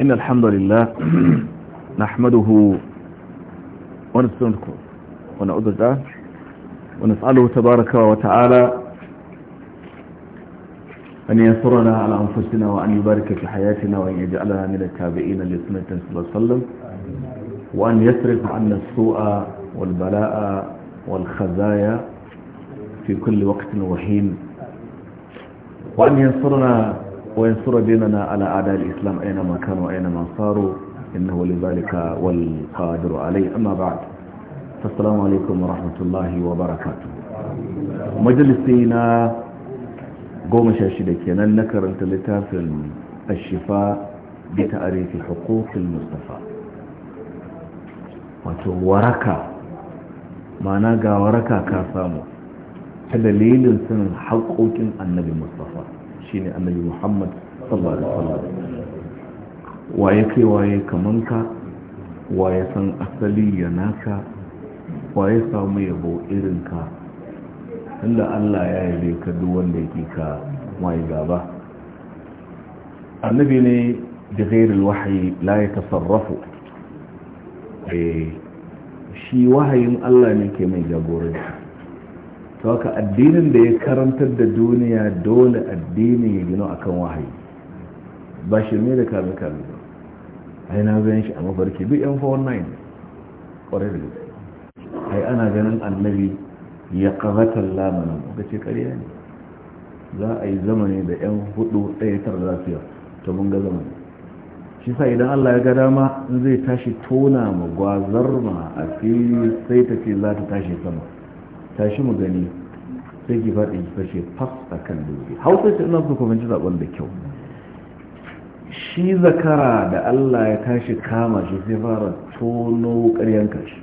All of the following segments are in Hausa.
إن الحمد لله نحمده ونستنكر ونعوذ بالله ونسأله تبارك وتعالى أن ينصرنا على أنفسنا وأن يبارك في حياتنا وأن يجعلنا من التابعين لسنة صلى الله عليه وسلم وأن يصرف عنا السوء والبلاء والخزايا في كل وقت وحين وأن ينصرنا wayan sura na ala adal islam aina ma kano aina ma faru innahu lidhalika wal qadiru alai amma ba'd assalamu alaikum wa rahmatullahi wa barakatuh majalisina goma sha shida kenan na karanta littafin ashifa bi ta'rif huquq al mustafa wato waraka ma'ana ga waraka ka samu Ka dalilin sun haƙoƙin annabi mustafa ne annabi muhammad sallallahu alaihi wasallam waye kai waye kaman ka waye san asali ya naka waye samu yabo irin ka tunda Allah ya yabe ka duk wanda yake ka mai gaba annabi ne da ghairil wahyi la yatasarrafu eh shi wahayin Allah ne ke mai jagoranci to haka addinin da ya karantar da duniya dole addini ya gino kan wahayi ba shi ne da kame kame ba ai na ganin shi a mafarki duk yan 419 kwarai da ai ana ganin annabi ya kazata lamanin ga ce karya ne za a yi zamani da yan hudu ɗaya tar lafiya ta to mun ga zamani shi sa idan allah ya ga dama zai tashi tona mu gwazar ma a fili sai ta ce za ta tashi sama tashi mu gani sai ki faɗi ki fashe fas a kan dutse hausa ce ina su ku zaɓen da kyau shi zakara da allah ya tashi kama shi sai fara tono ƙaryan kashi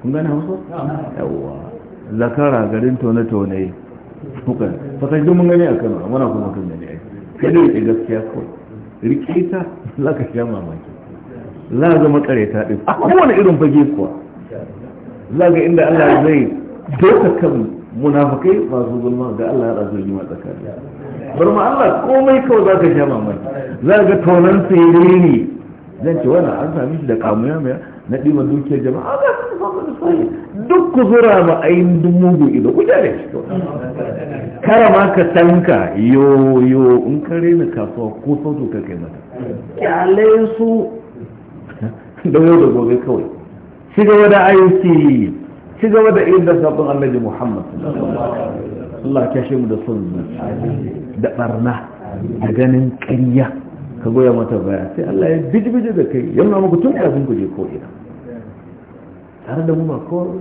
kun gani hausa? yawwa zakara garin tone-tone muka fasashen mun gani a kano a mana kuma kan gani kai da rike gaskiya kawai rike ta za ka sha mamaki za a zama ta ɗin a kowane irin fage kuwa za ga inda Allah zai doka kan munafakai masu zulma ga Allah ya razu jima tsakani bar ma Allah komai kawai za ka sha mamaki za ga tonan tsere ne zan ce wani an sami shi da kamuya mai na ɗima dukiyar jama'a a su duk ku zura ma ayin duk mugu ido ku jare shi kara ma ka tanka yo yo in ka rena kasuwa ko sautu ka kai mata kyalai su da yau da gobe kawai ci gaba da aiki ci gaba da irin da sabon annabi muhammad Allah ya shi mu da son da barna da ganin ƙarya ka goya mata baya sai Allah ya bijibiji da kai ya nuna muku tun kafin ku je ko ina tare da mu ba ko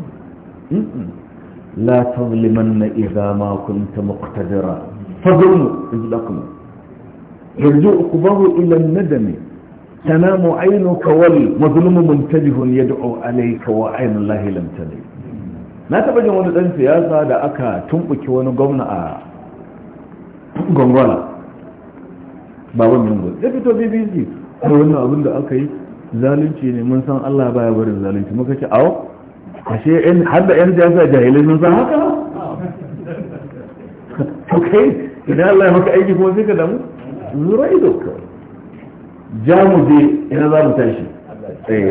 la tazlimanna idza ma kunta muqtadira fadhlu izlakum yarji'u qubahu ila an-nadami تنام عينك والمظلوم منتبه يدعو عليك وعين الله لم تلي na taɓa jin wani ɗan siyasa da aka tumɓuki wani gwamna a gongola baban mingo ya fito bbc a wannan abin da aka yi zalunci ne mun san allah baya barin zalunci muka ce awo ashe har da 'yan siyasa jahilai mun san haka ok idan allah ya maka aiki kuma sai ka damu zura ido kawai jamu mu je ina za mu tashi eh.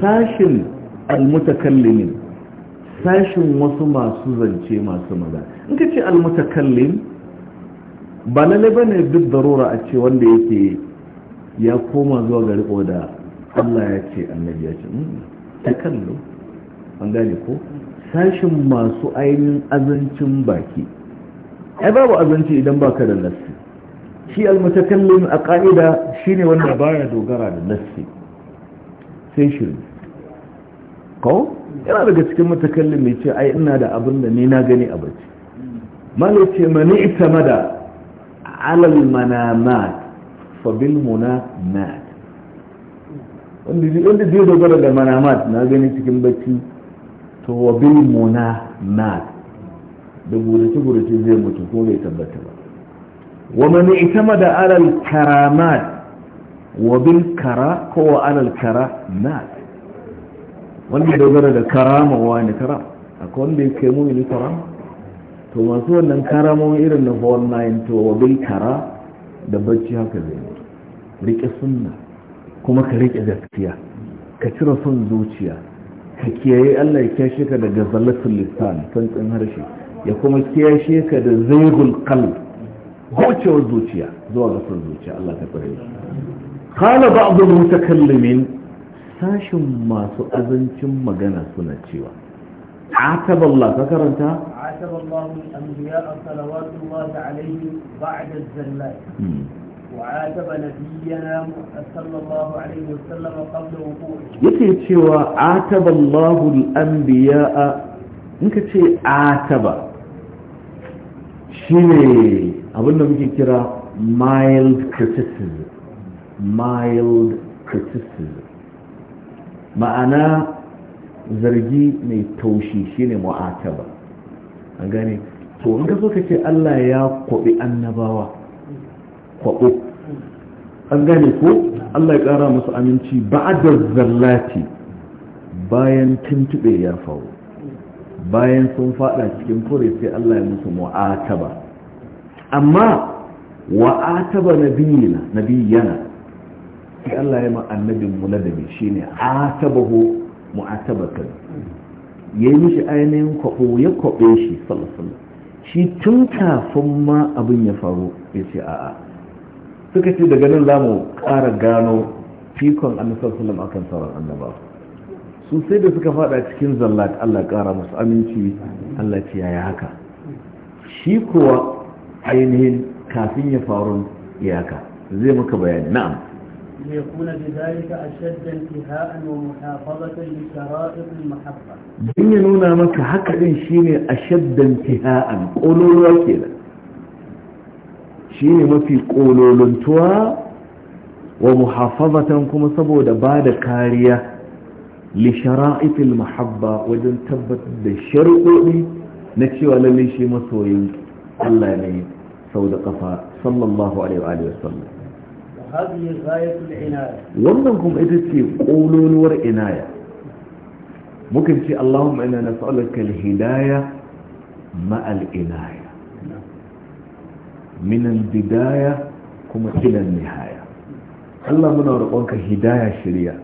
sashin almutakallimin sashin wasu masu zance masu maza in ka ce almutakallim ba lalle ba ne duk darura a ce wanda yake ya koma zuwa ga riko da allah ya ce annabi ya ce hmm, ta kallo an gane ko sashin masu ainihin azancin baki ai babu azanci idan baka da nassi shi almutakallim a ka'ida shine wanda baya dogara da nassi sai shiru ko yana daga cikin mutakallim mai ce ai ina da abin da ni na gani a barci malai ce mani ita mada alal manamat fa bil munamat wanda zai dogara da manamat na gani cikin bacci to wa bil munamat da gurace-gurace zai mutu ko bai tabbata ba wa man itama da alal karamat wa bil kara ko wa alal kara na wanda dogara da karama wa ne kara akwai wanda ya kai mumini kara to masu wannan karamomi irin na 419 to wa bil kara da bacci haka zai mutu rike sunna kuma ka rike gaskiya ka cire son zuciya ka kiyaye Allah ya kashe ka daga zallatul lisan san harshe ya kuma kiyashe ka da zaihul qalb gocewar zuciya zuwa ga son zuciya Allah ta tsare qala ba'd al-mutakallimin sashin masu azancin magana suna cewa عاتب الله فكرت عاتب الله الأنبياء صلوات الله عليهم بعد الزلات وعاتب نبينا صلى الله عليه وسلم قبل وقوعه يكي تشوى عاتب الله الأنبياء انك تشي عاتب shine abin da muke kira mild criticism mild criticism ma'ana zargi mai taushi shine mu'ataba an gane to in ka so ka ce Allah ya kwabi annabawa kwabo an gane ko Allah ya kara musu aminci ba'da zallati bayan tuntube ya faru bayan sun fada cikin kore sai Allah ya musu mu'ataba amma wa ataba nabiyina nabiyana sai Allah ya ma annabin mu ladabi shine atabahu mu'atabatan yayi mishi ainihin kwabo ya kwabe shi sallallahu alaihi wasallam shi tun kafin ma abin ya faru ya ce a'a suka ce daga nan zamu ƙara gano fikon annabi sallallahu akan sauran annaba su sai da suka fada cikin zallat Allah ƙara musu aminci Allah ce yaya haka shi kuwa ainihin kafin ya faru iyaka zai maka bayani na'am ليكون بذلك أشد انتهاء ومحافظة لشرائط المحبة بينونا مك هكذا شيني أشد انتهاء قولوا كده شيني ما في قولوا لنتوا ومحافظة كما سبودا بعد كارية لشرائط المحبة وجن تبت بشرقه نكشي ولا ليشي مسوين Allah ne sau da kafa sallallahu alaihi wa sallam wannan kuma ita ce ƙololuwar inaya mukan ce Allahumma ina nas'aluka al-hidaya ma al-inaya min al-bidaya kuma ila nihaya Allah muna roƙonka hidaya shirya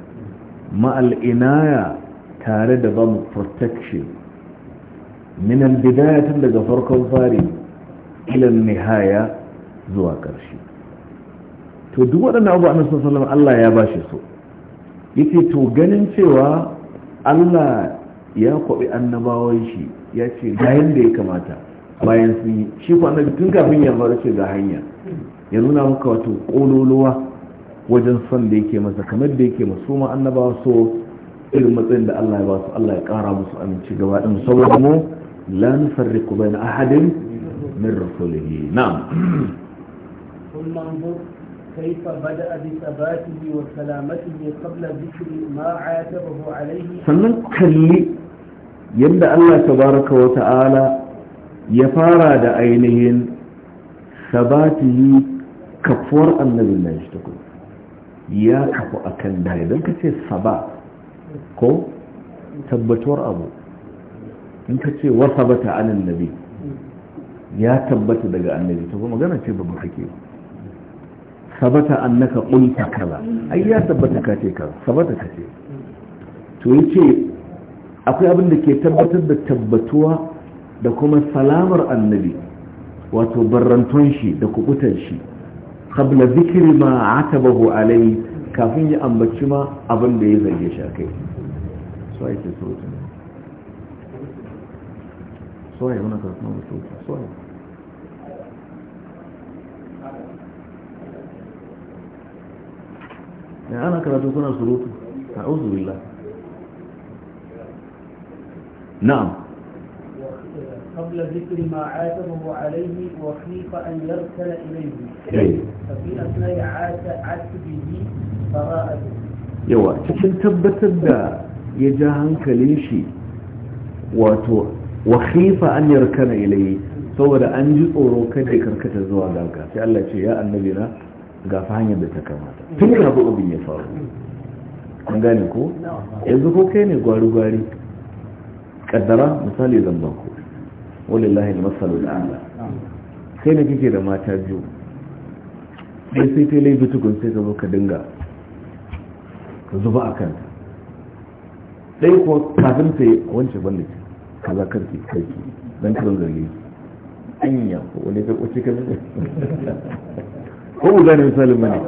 ma al-inaya tare da bamu protection min al-bidaya tun daga farkon fari ilan nihaya zuwa ƙarshe to duk waɗannan abu annabi sallallahu Allah ya bashi so yace to ganin cewa Allah ya kwabi annabawan shi ya ce ga yanda ya kamata bayan sun yi shi ko annabi tun kafin ya fara ce ga hanya ya nuna maka wato ƙololuwa wajen son da yake masa kamar da yake masu ma annabawa so irin matsayin da Allah ya ba su Allah ya kara musu aminci gaba ɗin saboda mu la nufarriku baina ahadin من رسوله نعم ثم انظر كيف بدأ بثباته وسلامته قبل ذكر ما عاتبه عليه sannan kalli yadda Allah tabaraka wa ta'ala ya fara da ainihin sabatihi kafuwar annabin ya kafu akan dare don ka ce saba ko tabbatuwar abu ka ce ya tabbata daga annabi ta kuma magana ce babu hake sabata annaka qulta kaza ai ya tabbata ka ce kaza sabata ka ce to yace akwai abin da ke tabbatar da tabbatuwa da kuma salamar annabi wato barranton shi da kukutan shi qabla zikri ma atabahu alai kafin ya ambaci ma abin da ya zage shi akai so ce so so ai wannan karfin mutu so ai ne ana karatu kuna surutu a auzu billah na'am قبل ذكر ما عاتبه عليه وخيف أن يرسل إليه ففي أثناء عاتبه فراءته يوا تكن تبتد ya ja hankalin shi wato wakifa an yarkana ilai saboda an ji tsoro kada karkatar zuwa ga sai Allah ce ya annabi na ga hanyar da ta kamata tun abu abin ya faru an gane ko yanzu ko kai ne gwari-gwari kaddara misali zamban ku wani lahin masalu da ala kai ne kike da mata biyu sai sai ta laifin tukun sai ka zo ka dinga ka zuba a kanta ɗaya ko kafin sai wancan wani kaza karki karki don kiran zargi an yi ko wani kai kwace kan ko mu gane misalin mani.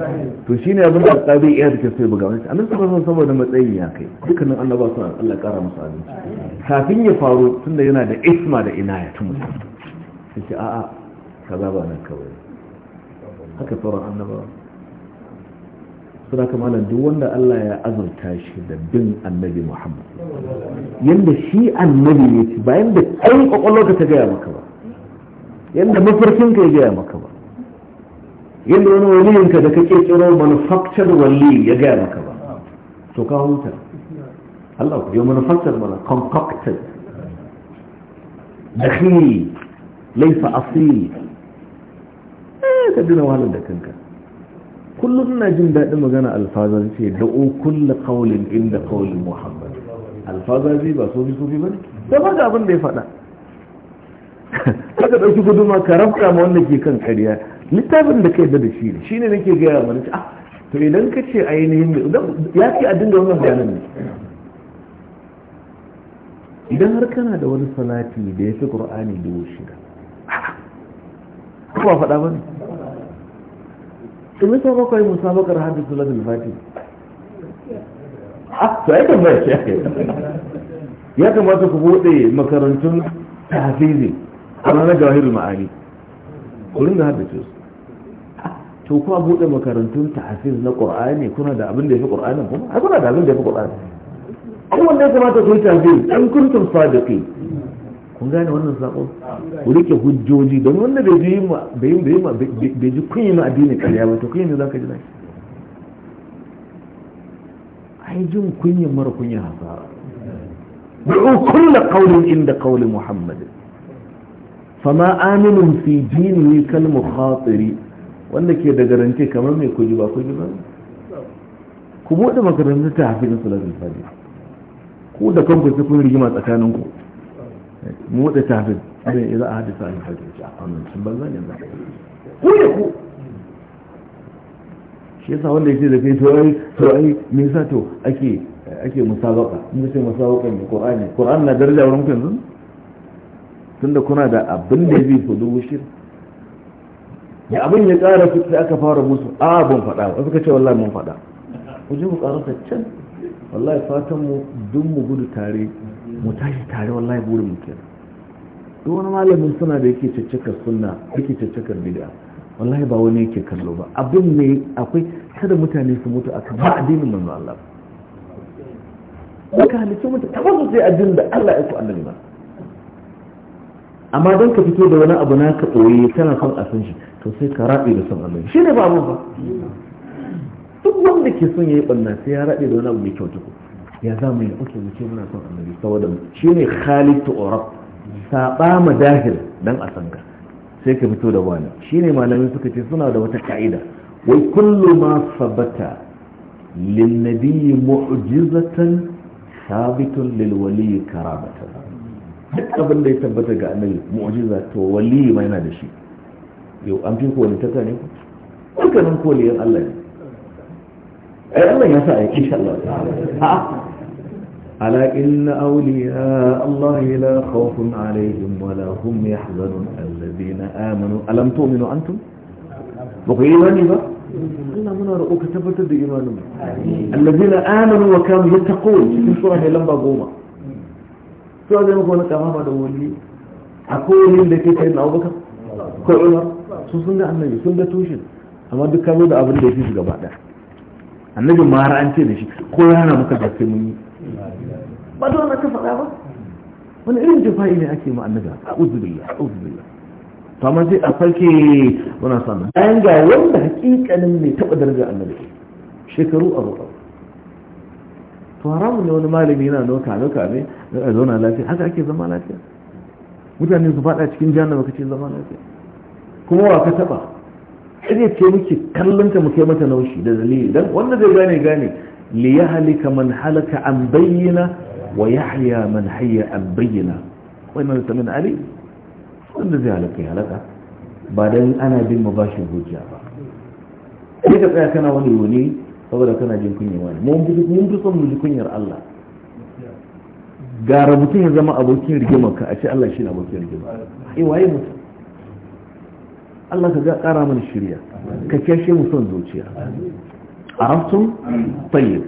to shine abin da alƙadi iya take sai buga wani annabi sallallahu san saboda matsayi ya kai dukkanin annaba sun Allah ƙara musu abinci kafin ya faru tunda yana da isma da inaya ta musu sai ce a'a kaza ba nan kawai haka sauran annaba suna kamalan duk wanda Allah ya azurta shi da bin annabi Muhammad yanda shi annabi ne ci bayan da kai ka ta gaya maka ba yanda mafarkin ka ya gaya maka ba yadda wani waliyinka da ka kirkiro manufactured wali ya gaya maka ba to ka huta Allah ku je manufactured mana concocted dakhil laysa asil eh ka dina wahalar da kanka kullum ina jin daɗin magana alfazan ce da'o kulla qawlin inda qawlin muhammad alfazazi ba sofi sofi ba ne da ba ga abin da ya faɗa aka ɗauki guduma ka rafka ma wanda ke kan ƙarya littafin da ka yadda da shi ne shi ne nake gaya mana ah to idan ka ce ainihin ya ce a dinga wannan bayanan ne idan har kana da wani salati da ya fi ƙur'ani dubu shida ko ba faɗa ba ne in yasa bakwai musabakar hadis salatul fati ah to ai kan bai ya kamata ku bude makarantun tahfizi a ranar jawahirul ma'ani ku da haddace su to kuma bude makarantun tahfiz na qur'ani kuna da abin da yafi qur'anin kuma ai kuna da abin da yafi qur'ani ai wanda ya kamata ku yi tahfiz in kuntum sadiqi kun gane wannan sako ku rike hujjoji don wanda bai ji bai bai bai ji kun yi ma addini kariya ba to kun yi zaka ji nai ai jin kunyin mara kunyin hasara bi'u kullu qawlin inda qawli muhammad fama aminun fi dinihi kal mukhatiri wanda ke da garanti kamar mai kuji ba kuji ba ku buɗe makarantar ta hafi na salatul fadi ku da kanku sai kun rigima tsakanin ku mu da ta hafi ne ya za a hadisa a hafi ce a kwanan sun ban ne ba ku ne ku shi yasa wanda yake da kai to ai to ai me yasa to ake ake musabaka mun ce musabaka ne qur'ani qur'an na daraja wurin ku yanzu tunda kuna da abin da zai fudu shi ya abin ya kara su sai aka fara musu a ban faɗa ba suka ce wallahi mun faɗa ku je ku karasa can wallahi fatan mu duk mu gudu tare mu tashi tare wallahi burin mu kenan duk wani malamin suna da yake caccakar sunna yake caccakar bid'a wallahi ba wani yake kallo ba abin ne akwai kada mutane su mutu a kan addinin manzo Allah ba ka halicci mutu tabbata sai addinin da Allah ya ku annabi ba amma don ka fito da wani abu na ka ɓoye kana son a san shi to sai ka raɓe da son Allah shi ne ba abu ba duk wanda ke son ya yi ɓanna sai ya raɓe da wani abu mai kyau tuku ya za mu yi oke mu ce muna son annabi saboda shi ne khalid to orab saɓa ma dahil dan a san ka sai ka fito da wani shi ne malamin suka ce suna da wata ka'ida wai kullu ma sabata linnabi mu'jizatan sabitun wali karabatan duk abin da ya tabbata ga annabi mu'jiza to wali ma yana da shi yau an fi ko wani taka ne ku dukkanin koliyan Allah ne ai Allah ya sa ai insha Allah ha ala inna awliya Allah la khawfun alaihim wa la hum yahzanun alladhina amanu alam tu'minu antum ba ku imani ba Allah muna roƙo ka tabbatar da imanin alladhina amanu wa kanu yattaqun cikin sura lamba goma to zai maka wani kama da wuli a wani da ke kai na abubakar ko umar su sun ga annabi sun ga tushen amma duk ka da abin da ya fi su gaba ɗaya annabi mara an ce da shi ko yana maka da sai mun yi ba da na ka faɗa ba wani irin jifa'i ne ake ma annabi a uzubillah a uzubillah to amma sai a farke muna sanar bayan ga wanda hakikanin mai taɓa darajar annabi shekaru a roƙa to haramun ne wani malami yana doka doka ne a zauna lafiya haka ake zama lafiya mutane su fada cikin jahannama kace zama lafiya kuma wa ka taba sai ce miki kallon ka muke mata naushi da dalili dan wanda zai gane gane li yahlika man halaka an bayyana wa yahya man hayya an bayyana wannan da min ali wanda zai halaka ya halaka ba dan ana bin mabashin hujja ba sai ka tsaya kana wani wani saboda kana jin kunya wani mun fi mun son mu ji kunyar Allah gara mutum ya zama abokin rigimar ka a ce Allah shi ne abokin rigimar eh waye mutum Allah ka ga kara mana shirya ka kyashe mu son zuciya arabtum tayyib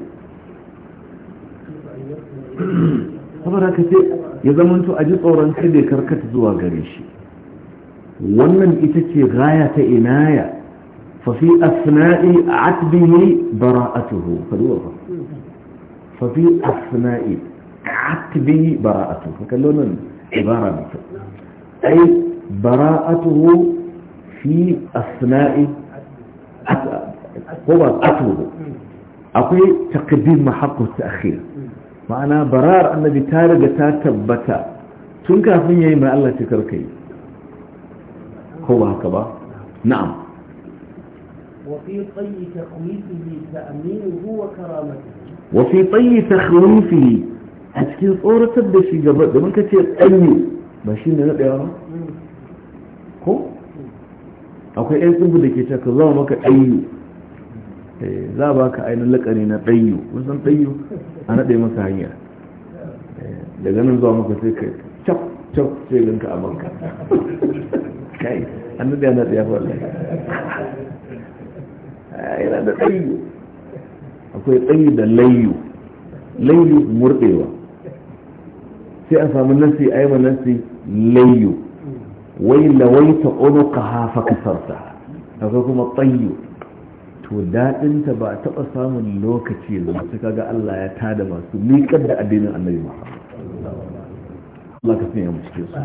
saboda ka ce ya zama a ji tsoron kai kada karkata zuwa gare shi wannan ita ce gaya ta inaya ففي أثناء عتبه براءته فدوره ففي أثناء عتبه براءته فكلونا عبارة أي براءته في أثناء عتبه أقول تقديم محق التأخير معنى برار بتارجة تبتا تاتبتا فيه ما الله تكركي هو هكذا نعم وفي طي تخويفه تأمينه وكرامته وفي طي تخويفه أتكين صورة تبدأ شيء قبل قبل كتير أي ماشي من الأيارة كو akwai 'yan tsubu da ke caka zama maka ayyu za ba ka ainihin lakari na ɗayyu wasan ɗayyu a naɗe masa hanya daga nan zuwa maka sai ka cap cap sai ganka a banka kai naɗe a naɗe yana da akwai tsayi da layu layu murɗewa sai a samu nasi a yi ma nasi layu wai lawaita unuka hafa kasarta akwai kuma tsayi to daɗinta ba taɓa samun lokaci masu kaga Allah ya tada masu miƙar da addinin annabi Muhammad Allah ka sanya mu cikin su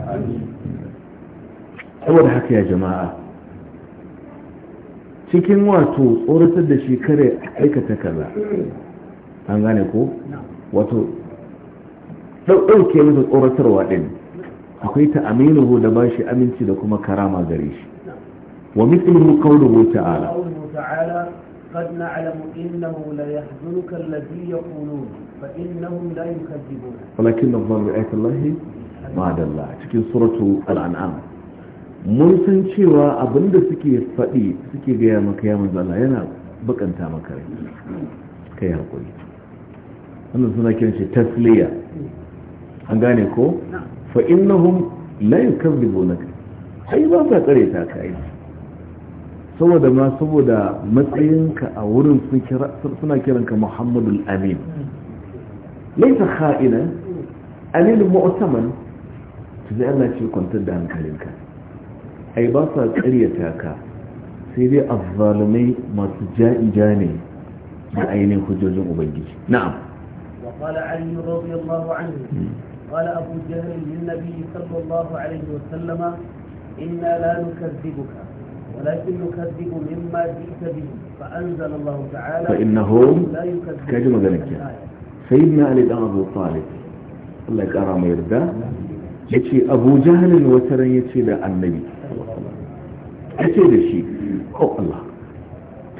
saboda haka ya jama'a cikin wato tsoratar da shi aikata kaza an gane ko wato ɗauke masa tsoratarwa ɗin akwai ta aminuhu da bashi aminci da kuma karama gare shi wa mithluhu qawluhu ta'ala قد نعلم إنه ليحزنك الذي يقولون فإنهم لا يكذبون ولكن الظن بآية الله ما الله تكين سورة الأنعام mun san cewa abinda suke faɗi suke gaya maka ya manzala yana bakanta maka rai kai hakuri wannan suna kiran shi tasliya an gane ko fa innahum la yukadzibunaka ai ba ka kare ta kai saboda ma saboda matsayinka a wurin suna kiranka Muhammadul Amin laisa kha'ina amin mu'taman to sai Allah ce kwantar da hankalinka ai ba sa karyata sai dai azzalumai masu ja'ija ne da ainihin hujjojin ubangiji na'am wa qala ali radiyallahu anhu hmm. qala abu jahl lin nabi sallallahu alaihi wa sallama inna la nukadzibuka ولكن نكذب مما جئت به فانزل الله تعالى فانهم لا يكذبون سيدنا علي بن ابو طالب الله يكرمه يرضى يجي ابو جهل وترى يجي النبي ya ce da shi oh Allah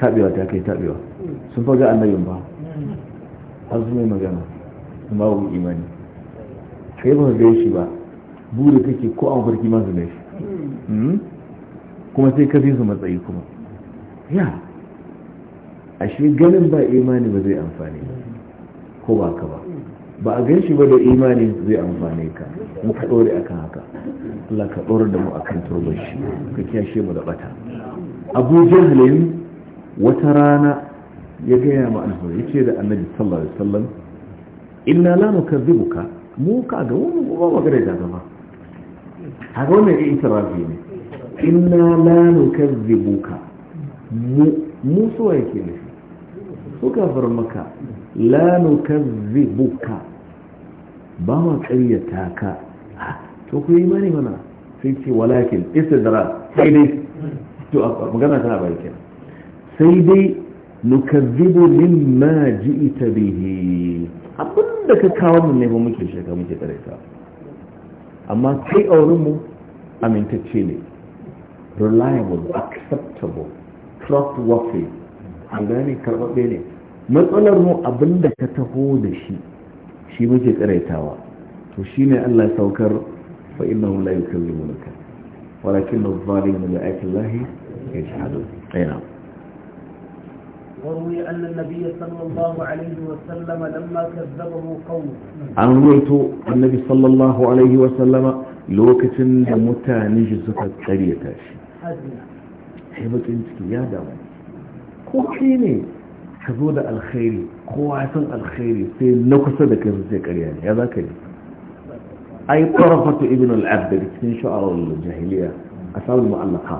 taɓewa ta kai taɓewa sun faga annabin ba har su magana kuma babu imani kai ba ga shi ba buri kake ko an farki masu da shi hmm? kuma sai ka fi su matsayi kuma ya ashe ganin ba imani ba zai amfani ko ba ka ba ba a gan shi ba da imani zai amfane ka mu ka ɗore a kan haka Allah ka ɗore da mu a kan turbar shi ka kyashe mu da ɓata abu jahilin wata rana ya gaya ma alhuri ya ce da annabi sallallahu alaihi wasallam inna la nukazzibuka mu ka ga wani ba gare da gaba haka wannan ya itirafi ne inna la nukazzibuka mu mu so yake nufi suka farmaka maka la nukazzibuka ba ma ƙaryata ka ah, to ku yi mani mana sai ce walakin istidra sai dai to magana tana bai kenan sai dai nukazzibu mimma ji'ita bihi da ka kawo mun ne ba muke shaka muke karanta amma kai aurin mu amintacce ne reliable acceptable trustworthy a gane karɓaɓɓe ne matsalar mu abin da ka taho da shi shi muke tsiraitawa to shi ne Allah saukar fa inna la yukallimu laka walakin adh-dhalimun bi ayati llahi yajhadun ayna وروي أن النبي صلى الله عليه وسلم لما كذبه قومه عن رويت النبي صلى الله عليه وسلم لوكة متانج سكت قريتاش حزن حبت انتك يا دامت kuhini kai da alkhairi kowa san alkhairi sai na kusa da kai sai karya ne ya za ka yi ai tarafatu ibn al-abd cikin sha'arul jahiliya asal mu'allaqa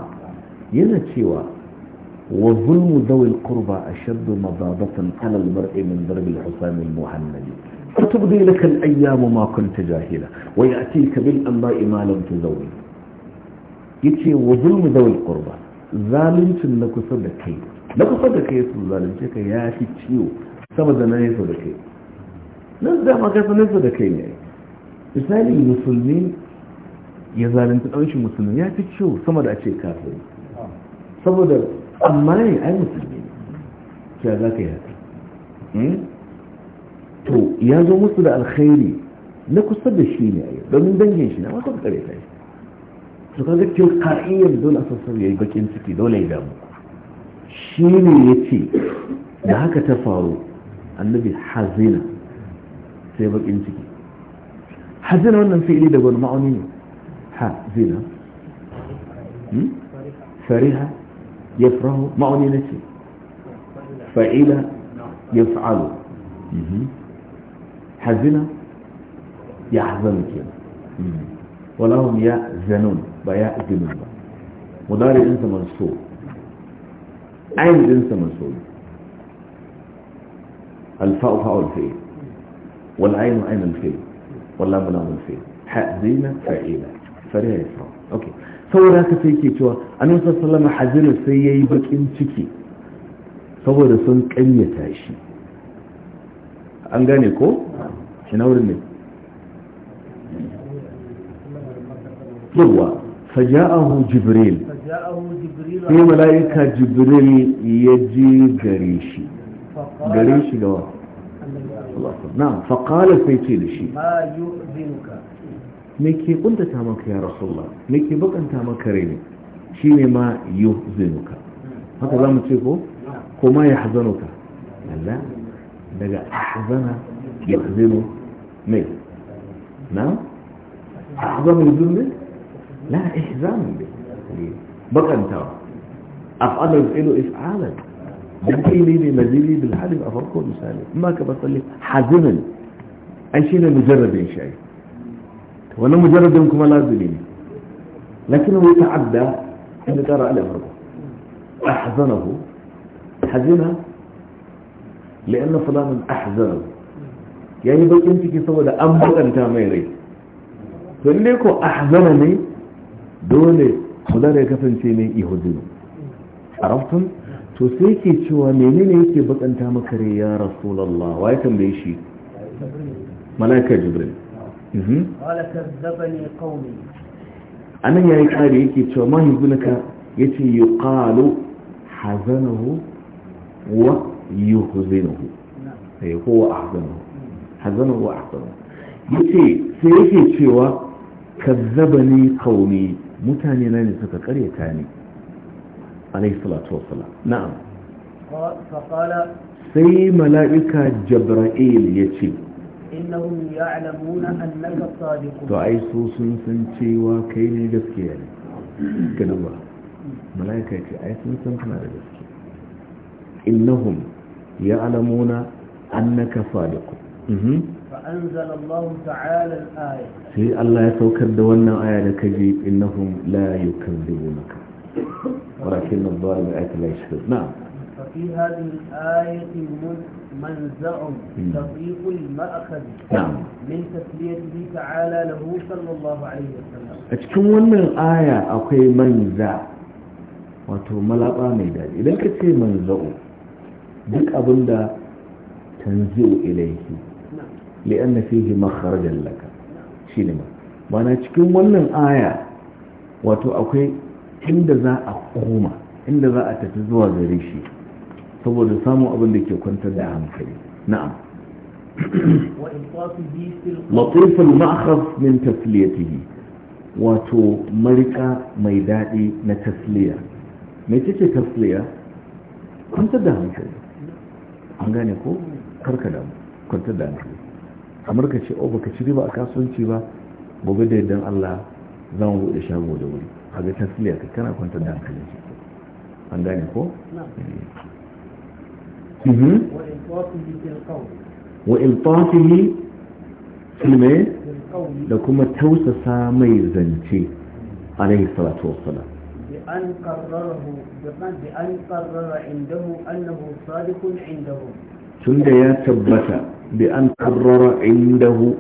yana cewa wa zulmu dawil qurba ashaddu madabatan ala al-mar'i min darb al-husam al-muhannadi فتبدي لك الأيام ما كنت جاهلة ويأتيك بالأنباء ما لم تزوي يتي وظلم ذوي القربى ظالم لك صدق كيف na kusa da kai su zalunce ka ya fi ciwo saboda na nesa da kai nan da ma kasa nesa da kai ne misali musulmi ya ɗan shi musulmi ya fi ciwo sama da a ce kafin saboda amma ne ai musulmi ne ya za ka yi haka hmm? to ya zo musu da alkhairi na kusa da shi ne a domin dangin shi na masu da ta shi su kaga kyau ka'iyyar dole a sassan ya yi bakin ciki dole ya damu shi ne ya ce da haka ta faru annabi hazina sai bakin ciki hazina wannan fi'ili da wani ma'auni ne hazina hmm? fariha ya faru ma'auni na ce fa'ila ya fa'alu hmm. hazina ya hazanu ke hmm. walahum ya zanun ba ya zinun ba mudari insa mansur عين جنس منصوب الفاء فاء الفيل والعين عين الفيل واللام لام الفيل حاء زينة فعيلة فريها يسرى اوكي صور هكا سيكي تشوى انا صلى الله عليه وسلم حزير سيي بك انتكي صور سن كن يتعشي انقاني كو شنور النبي يلوى فجاءه جبريل sai mala'ika jibril ya ji gare shi gare shi gawa na faƙalar sai ce da shi me ke kuntata maka ya rasulullah me ke bakanta maka rai ne shi ne ma yi zinuka, haka za mu ce ko ko ma ya hazanuka Allah daga ahzana yuhzinu ne na ahzanu yuhzinu ne la ihzanu ne بكنتها أفعال رزئله إفعالا بكي ليني مزيلي بالحالي بأفركه ومسالي ما كبت لي حزنا أي شيء مجرد إن شيء وانا مجرد منكم لازلين لكنه يتعدى أن ترى على أفركه أحزنه حزنا لأن فلانا أحزنه يعني بكي أنت كي سوى لأمر أنت ميري فليكو أحزنني دولي ku zara ya kasance mai yahudu a rafin to sai ke cewa menene yake bakanta maka rai ya rasulallah wa ya tambaye shi malaka jibril mhm. a nan ya yi kare yake cewa mahigunaka ya ce yi ƙalo hazanahu wa yuhuzinahu da eh, ya kowa a hazanahu hazanahu wa ahsanahu ya ce sai yake cewa kazzaba ne kauni mutane na ne suka karyata ne alaihi salatu wassalam na'am sai mala'ika jabra'il ya ce innahum ya'lamuna annaka sadiqun to ai so sun san cewa kai ne gaskiya ne kana ba mala'ika ce ai sun san kana da gaskiya innahum alamuna annaka sadiqun mhm. أنزل الله تعالى الآية في الله يتوكد وانا آية كجيب إنهم لا يكذبونك ولكن الظالم آية لا يشهد نعم ففي هذه الآية من منزع تضييق المأخذ نعم من تسليته تعالى له صلى الله عليه وسلم أتكون وانا آية أقوي منزع wato malaba mai daɗi idan ka ce manza'u duk abin da tanzi'u ilaihi li'anna fihi makharajan laka shine ma mana cikin wannan aya wato akwai inda za a koma inda za a tafi zuwa gare shi saboda samun abin da ke kwantar da hankali na'am latif al-ma'khaf min tasliyatihi wato marika mai daɗi na tasliya mai ce tasliya kwantar da hankali an gane ko karka damu kwantar da hankali kamar ka ce o oh, baka ci riba a kasuwanci ba gobe da yadda Allah zan mu buɗe shago da wuri a ga tasliya ka kana kwantar da hankali an gane ko mhm. wa iltafihi filme da kuma tausasa mai zance alaihi salatu wassalam بأن قرره بأن قرر عنده أنه صادق tunda ya tabbata bi an karrara indahu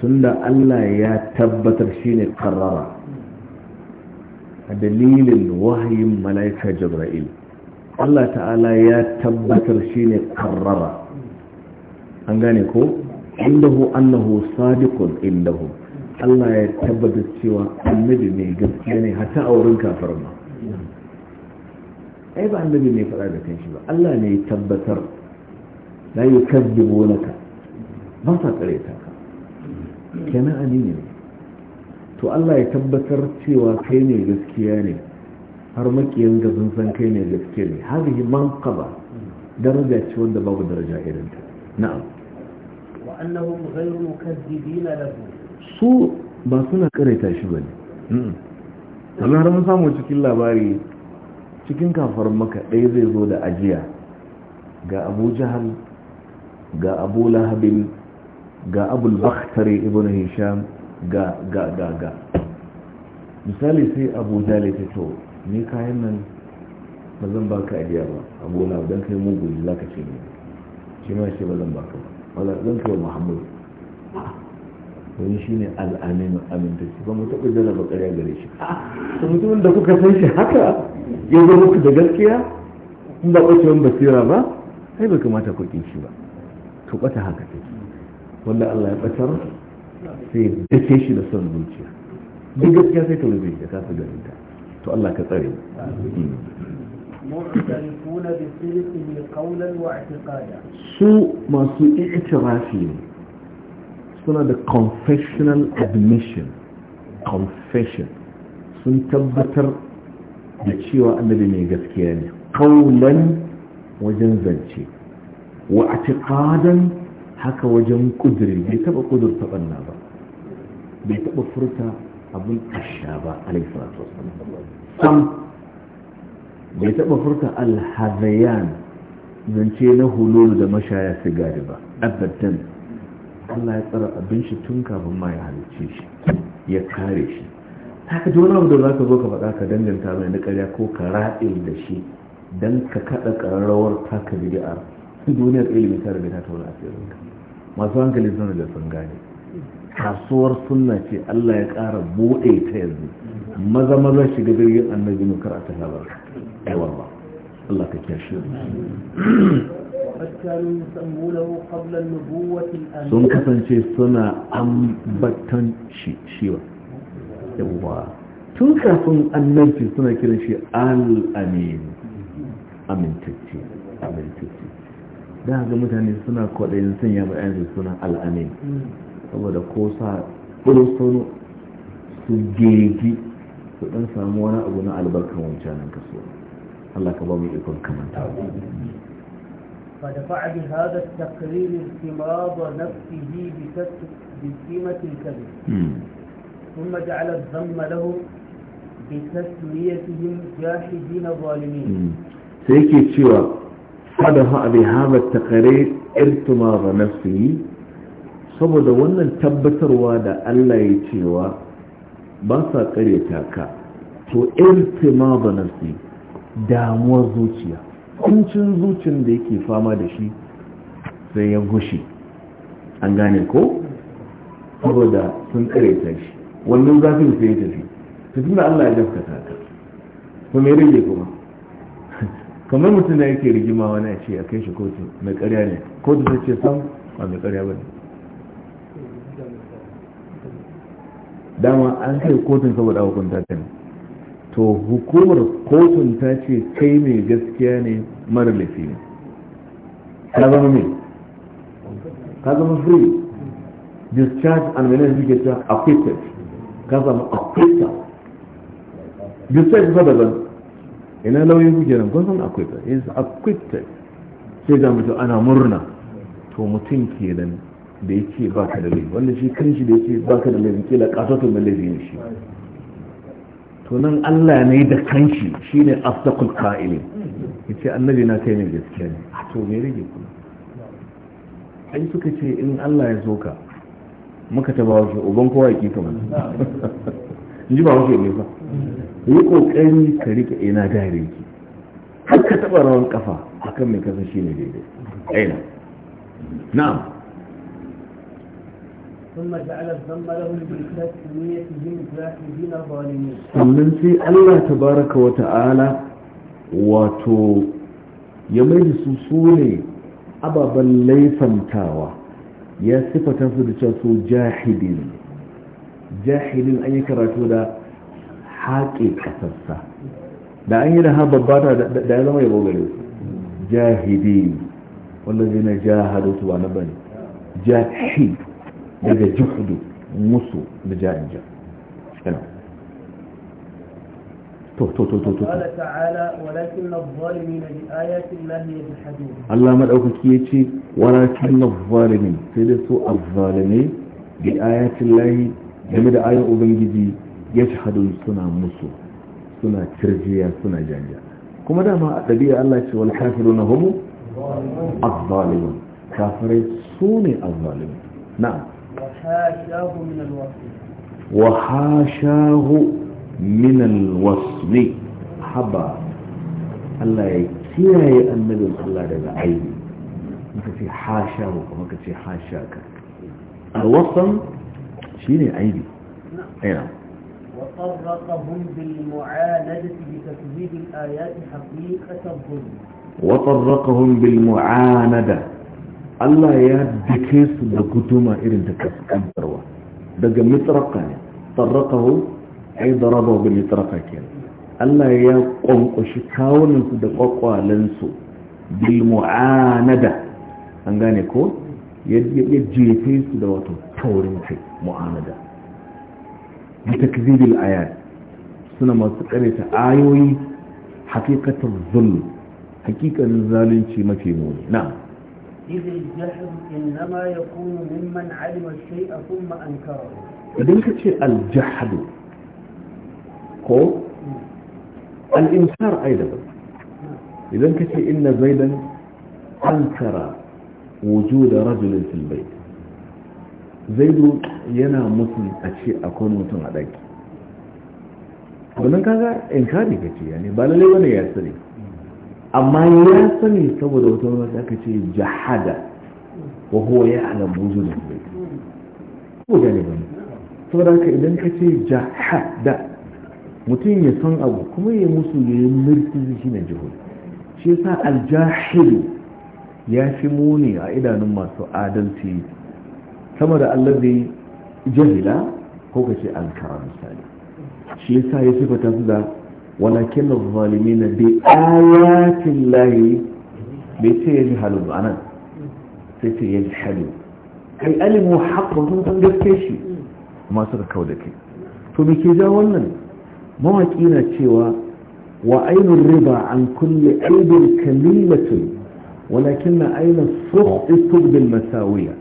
tunda Allah ya tabbatar shine karrara a dalilin wahayin mala'ika jibril Allah ta'ala ya tabbatar shine karrara an gane ko indahu annahu sadiqun indahu Allah ya tabbatar cewa annabi ne gaskiya ne hatta a wurin kafar ai ba annabi ne faɗa da kanshi ba Allah ne ya tabbatar la yukazzibunaka ba sa ta ka kenan amini ne to Allah ya tabbatar cewa kai ne gaskiya ne har makiyan ga sun san kai ne gaskiya ne hadhihi manqaba daraja ce wanda babu daraja irin ta na'am wa annahum ghayru mukazzibina lahu su ba suna ta shi bane Allah har mun samu cikin labari cikin kafar maka ɗaya zai zo da ajiya ga abu jahal ga abu lahabin ga abul bakhtari ibn hisham ga ga ga ga misali sai abu jale ta to ni kayan nan ba zan baka ajiya ba abu na dan kai mugu za zaka ce ne shi ma shi ba zan baka ba wala zan kai muhammad wani shi ne al'aminu shi. ba mu taɓa ba ƙarya gare shi ta mutumin da kuka san shi haka ya zo muku da gaskiya in ba ɓacewar basira ba sai bai kamata ku ƙin shi ba to bata haka take wanda Allah ya ɓatar sai dake shi da son zuciya duk gaskiya sai ta rufe da kasa garin ta to Allah ka tsare mu'tarifuna bi sidqihi qawlan wa i'tiqada su masu i'tirafi ne suna da confessional admission confession sun tabbatar da cewa annabi mai gaskiya ne qawlan wajen zance wa a haka wajen kudurin bai taba kudurta banna ba bai taba furta abin tasha ba alaihissalatu sam bai taba furta alhazayan zance na hululu da mashaya sigari ba abadan Allah ya tsara abin shi tun kafin ma ya halicce shi ya kare shi ta ka ji wani abu da za ka zo ka faɗa ka danganta mai na ƙarya ko ka raɗe da shi don ka kaɗa ƙararrawar taka bidiyar duniyar ilimin ta riga ta taura a cikin masu hankali sun da sun gane kasuwar sunna ce Allah ya ƙara buɗe ta yanzu maza maza shiga jirgin annabi mun kar a ta labar aiwar ba Allah ka shi sun kasance suna ambatan shiwa yawwa tun kafin annabci suna kiran shi al-amin amintacce amintacce da haka mutane suna kwaɗayin sanya ma su suna al'amin saboda ko sa ɓurustono su geji su ɗan samu wani abu na albarkan wancan nan kaso Allah ka ba mu ikon kamanta فدفع بهذا التقرير استمراض نفسه بسمة الكذب ثم جعل الذم له بتسميتهم جاحدين ظالمين سيكي تشوى a fadafa abi habar takarir irtima ga nafsi saboda wannan tabbatarwa da Allah ya cewa ba sa karyata ka to irtima ga nafsi damuwar zuciya kuncin zuciyar da yake fama da shi sai ya gushi an gane ko saboda sun ta shi wannan zafin sai ya tafi tun da Allah ya gaskata ka kuma ya rage kuma kamar mutum da yake rigima wani a ce a kai shi kotu mai karya ne kotu ta ce sam a mai karya ba ne dama an kai kotun saboda hukunta ta ne to hukumar kotun ta ce kai mai gaskiya ne mara laifi ne ka zama mai ka zama free discharge and menace suke ta acquitted ka zama acquitted discharge ba daban ina lauyin kuke nan kun san akwai ta yanzu akwai ta sai ga mutum ana murna to mutum ke nan da ya ce baka da laifi wanda shi kan shi da ya ce baka da laifi kila kasatun mai laifi ne shi to nan Allah ne da kan shi shi kanshi shine asdaqul Ya ce annabi na kai ne gaskiya ne to me rage kuma ai suka ce in Allah ya zo ka muka taba wasu uban kowa ya kika mana in ji ba wasu ne fa yi kokari ka rike ina dare ki har ka taba rawan kafa akan mai kasa shi ne daidai aina sannan sai Allah ta baraka wa ta'ala wato ya mai da su sune ababen laifantawa ya sifata su da cewa su jahilin jahilin an yi karatu da haƙe kasassa da an yi da ha babba da ya zama yabo gare su jahidi wanda zai na jahado su ba na bane jahi daga musu da ja'in ja to to to to to Allah madaukaki yace walakin zalimin sai da su azzalimi bi ayatin lahi game da ayoyin ubangiji ya shahadu suna musu suna cirjiya suna janja kuma dama a ɗabi'a Allah ce wal kafiru na homo azzalimun kafirai su ne azzalimun na wa hashahu min alwasmi haba Allah ya kiyaye annabin Allah daga aibi maka ce hashahu kuma ka ce hashaka alwasan ne aibi ainihin وطرقهم بالمعاندة بتفهيد الآيات حقيقة الظلم وطرقهم بالمعاندة Allah ya dake su da guduma irin ta kaskantarwa daga mitraka ne tarrakahu ai daraba bil mitraka kenan Allah ya kwankwashi kawunan da kwakwalen su bil mu'anada an gane ko ya jefe su da wato taurin kai mu'anada بتكذيب الآيات سنة ما تقريت آيوي حقيقة الظلم حقيقة الظالم شيء ما في مولي نعم إذ الجحر إنما يكون ممن علم الشيء ثم أنكره إذا كنت الجحد قول الإنكار أيضا إذا كنت إن زيدا أنكر وجود رجل في البيت zaidu yana musu a ce akwai mutum a ɗaki wannan kaga in kare ka ce yane ba lalle wani ya sani amma ya sani saboda wata wani aka ce jahada wa huwa ya alamu buzu da kuma ko ba ne saboda haka idan ka ce jahada mutum ya san abu kuma ya musu ya yi mirki shi na jihun shi yasa aljahilu ya fi muni a idanun masu adalci sama da allazi jahila ko ka ce ankara misali shi yasa ya sifata su da walakin na bi ayatin lahi bai ce ya jahalu ba nan sai ce ya jahalu kai alimu haƙa sun san gaske shi masu da kau da kai to me ke ja wannan mawaƙi na cewa wa ainihin riba an kulle aibin kamilatun walakin na ainihin sukh'i tubbil masawiya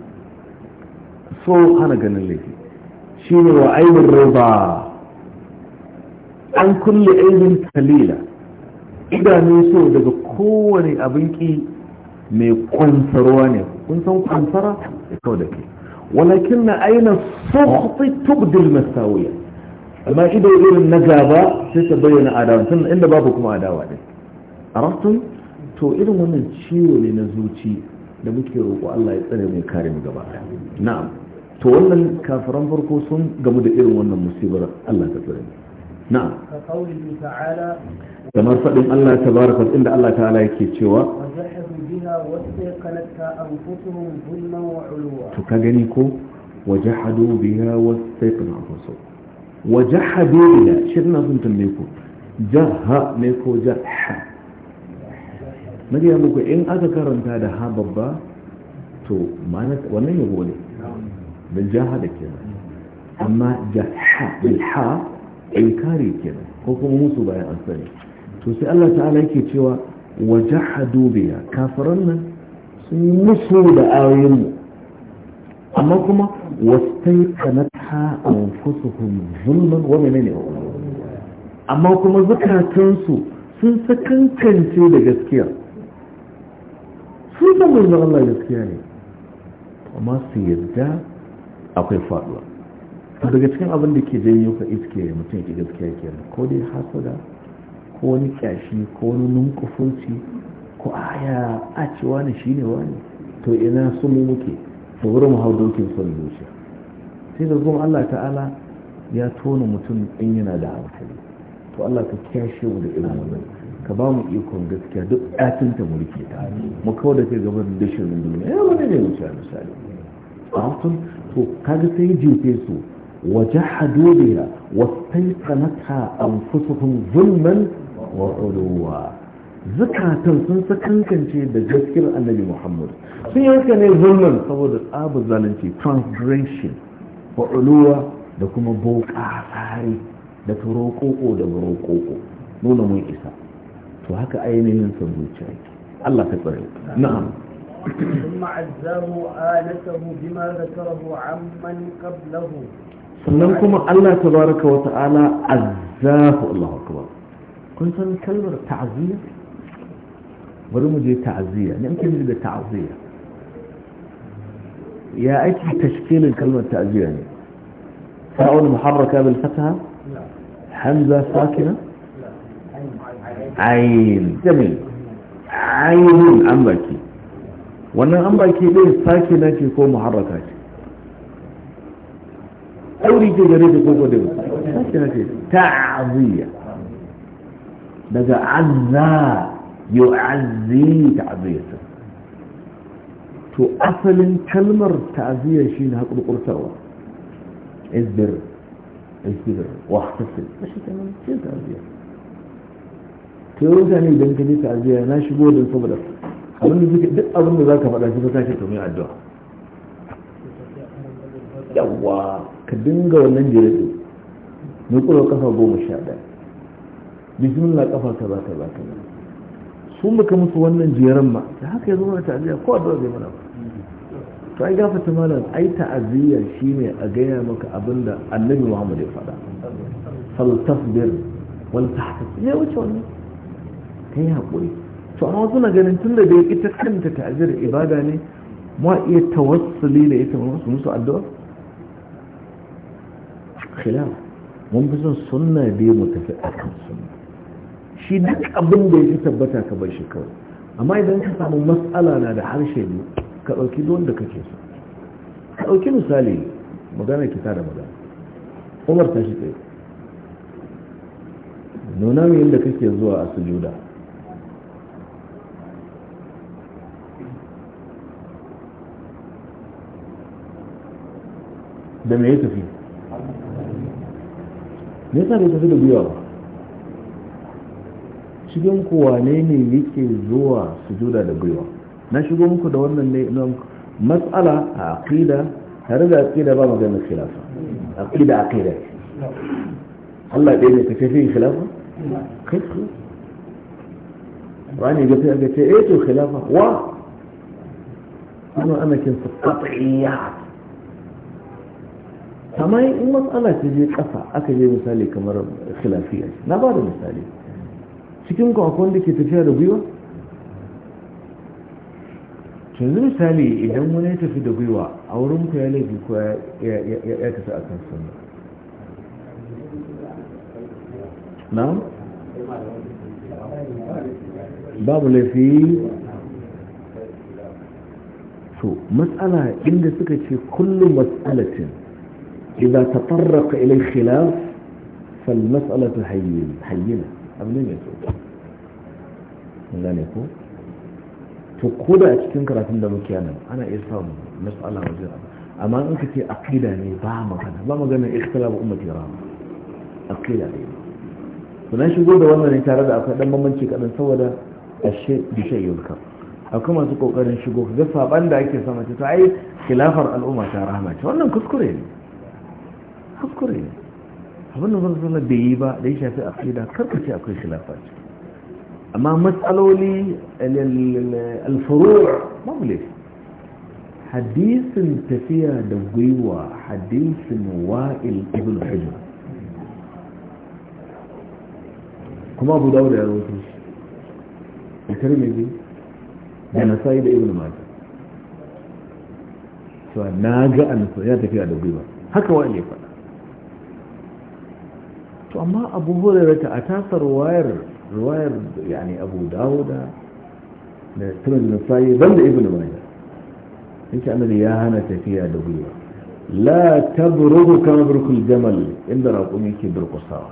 so hana ganin laifi shi ne wa ainihin riba an kulle ainihin kalila idanun so daga kowane abin ki mai kwansarwa ne kun kwansara da kawai da ke walakin na aina sohti tubdil masawiya amma ido irin na gaba sai ta bayyana adawa tun inda babu kuma adawa a arastun to irin wannan ciwo ne na zuci da muke roƙo Allah ya tsare mai kare mu gaba na'am to wannan kafiran farko sun gamu da irin wannan musibar Allah ta tsare na'am kamar faɗin Allah ta baraka inda Allah ta'ala yake cewa to ka gani ko wajahadu biha wastaqna anfusum wajahadu biha shirna sun tambaye ku jaha ne ko jaha na muku in aka karanta da ha babba to wannan yabo ne da kenan amma jaha bilha inkari kenan ko kuma musu bayan an sani to sai Allah ta'ala yake cewa wa jahadu biya kafiran nan sun yi musu da ayoyin mu amma kuma wastaiqanatha anfusuhum zulman wa menene amma kuma zukatansu sun sakankance da gaskiya sun san manzon Allah gaskiya ne amma su yadda akwai faduwa daga cikin abin da ke janyo ka iske mutum ya ki gaskiya ke kenan ko dai hasada ko wani kyashi ko wani nunkufurci ko aya a ce wani ne wani to ina su mu muke to wurin mu hau dokin son zuciya sai da zuwan Allah ta'ala ya tona mutum in yana da hankali to Allah ka kyashe mu da irin wannan ka ba mu ikon gaskiya duk ɗakin ta mulki ta mu kawai da kai gaban dashin duniya ya wani ne wuce misali a hutun to kaga sai ya jefe su wa jahadu biha wa taiqanatha anfusuhum zulman wa uluwa zakatan sun sakankance da gaskiyar annabi Muhammad sun yanka ne zulman saboda tsabar zalunci transgression wa uluwa da kuma boka tsari da turo da buro nuna mun isa to haka ainihin sun zuciya Allah ka tsare na'am ثم عزاه آلته بما ذكره عمن قبله سلمكم الله تبارك وتعالى عزاه الله أكبر كنت نتكلم تعزية ولم جي تعزية لم نجد تعزية يا أيتي تشكيل الكلمة التعزية فاول محركة بالفتحة حمزة ساكنة عين جميل عين عمكي wannan an baki ɗin saki na ce ko muharraka ce auri ke gare da koko da saki na ce ta'aziyya daga azza yu'azzi ta'aziyya to asalin kalmar ta'aziyya shi ne haƙurƙurtarwa izbir izbir wa hasil shi kalmar ce ta'aziyya to yau mutane idan ka ji ta'aziyya na shigo da saboda abin da duk abin da za ka faɗa shi ka ce to mai addu'a yawa ka dinga wannan jirage mai kula kafa goma sha ɗaya bismillah kafa ka za ka za ka su muka musu wannan jiran ma da haka ya zama ta'aziyya ko addu'a zai mana to ai gafata malam ai ta'aziyya shine a gaya maka abin da annabi muhammad ya faɗa faltasbir wal tahtasib ya wuce wannan kai haƙuri to amma suna ganin tun da dai ita kanta ta'azir ibada ne ma iya tawassuli da ita masu musu addu'a khilaf mun fi son sunna da mu tafi akan sunna shi duk abin da yake tabbata ka bar shi kawai amma idan ka samu matsala na da harshe ne ka ɗauki don da kake so ka ɗauki misali magana kita da magana umar ta shi tsaye nuna mu yadda kake zuwa a sujuda da me ya tafi me sa bai tafi da gwiwa ba cikin kowa ne ne yake zuwa su juda da gwiwa na shigo muku da wannan ne matsala a aqida tare da aqida ba magana khilafa aqida aqida Allah dai ne tafi fi khilafa kai wani ga sai ga ce eh to khilafa wa kuma ana kin qat'iyat amma in matsala ta je ƙasa aka je misali kamar khilafiya na ba da misali cikin ku akwai wanda ke tafiya da gwiwa yanzu misali idan wani ya tafi da gwiwa a wurin ku ya laifi ko ya tafi akan sunna na babu laifi to matsala inda suka ce kullum matsalatin إذا تطرق إلى الخلاف فالمسألة حين حينة أم لم يكن لم يكن تقود أتكين كراتين دم كيانا أنا إرسام مسألة وزيرة أما أنك في أقيدة لي با مغانا با مغانا اختلاف أمتي رام أقيدة لي فنا شغول ده وانا نتعرض أقيدة ممن شك أنا سوى ده الشيء بشيء يذكر أو كما تقول shigo ga saban da ake sama ta ai khilafar al'umma ta rahama ce kuskure ne abinda zan zama da yi ba da ya shafi akida karkace akwai khilafa ce amma matsaloli alfurur babu laifi hadisin tafiya da gwiwa hadisin wa'il ibn hajjum kuma abu dawo da ya rawaito shi da tirmidhi da nasai da ibn majah to na ga an ya tafiya da gwiwa haka wa'il ya faɗa to amma abu hurairata a tasa ruwayar ruwayar yani abu dawuda da tunan nasayi banda ibn majah yake annabi ya hana tafiya da gwiwa la tabrugu kama burkul jamal inda raƙumi yake durƙusawa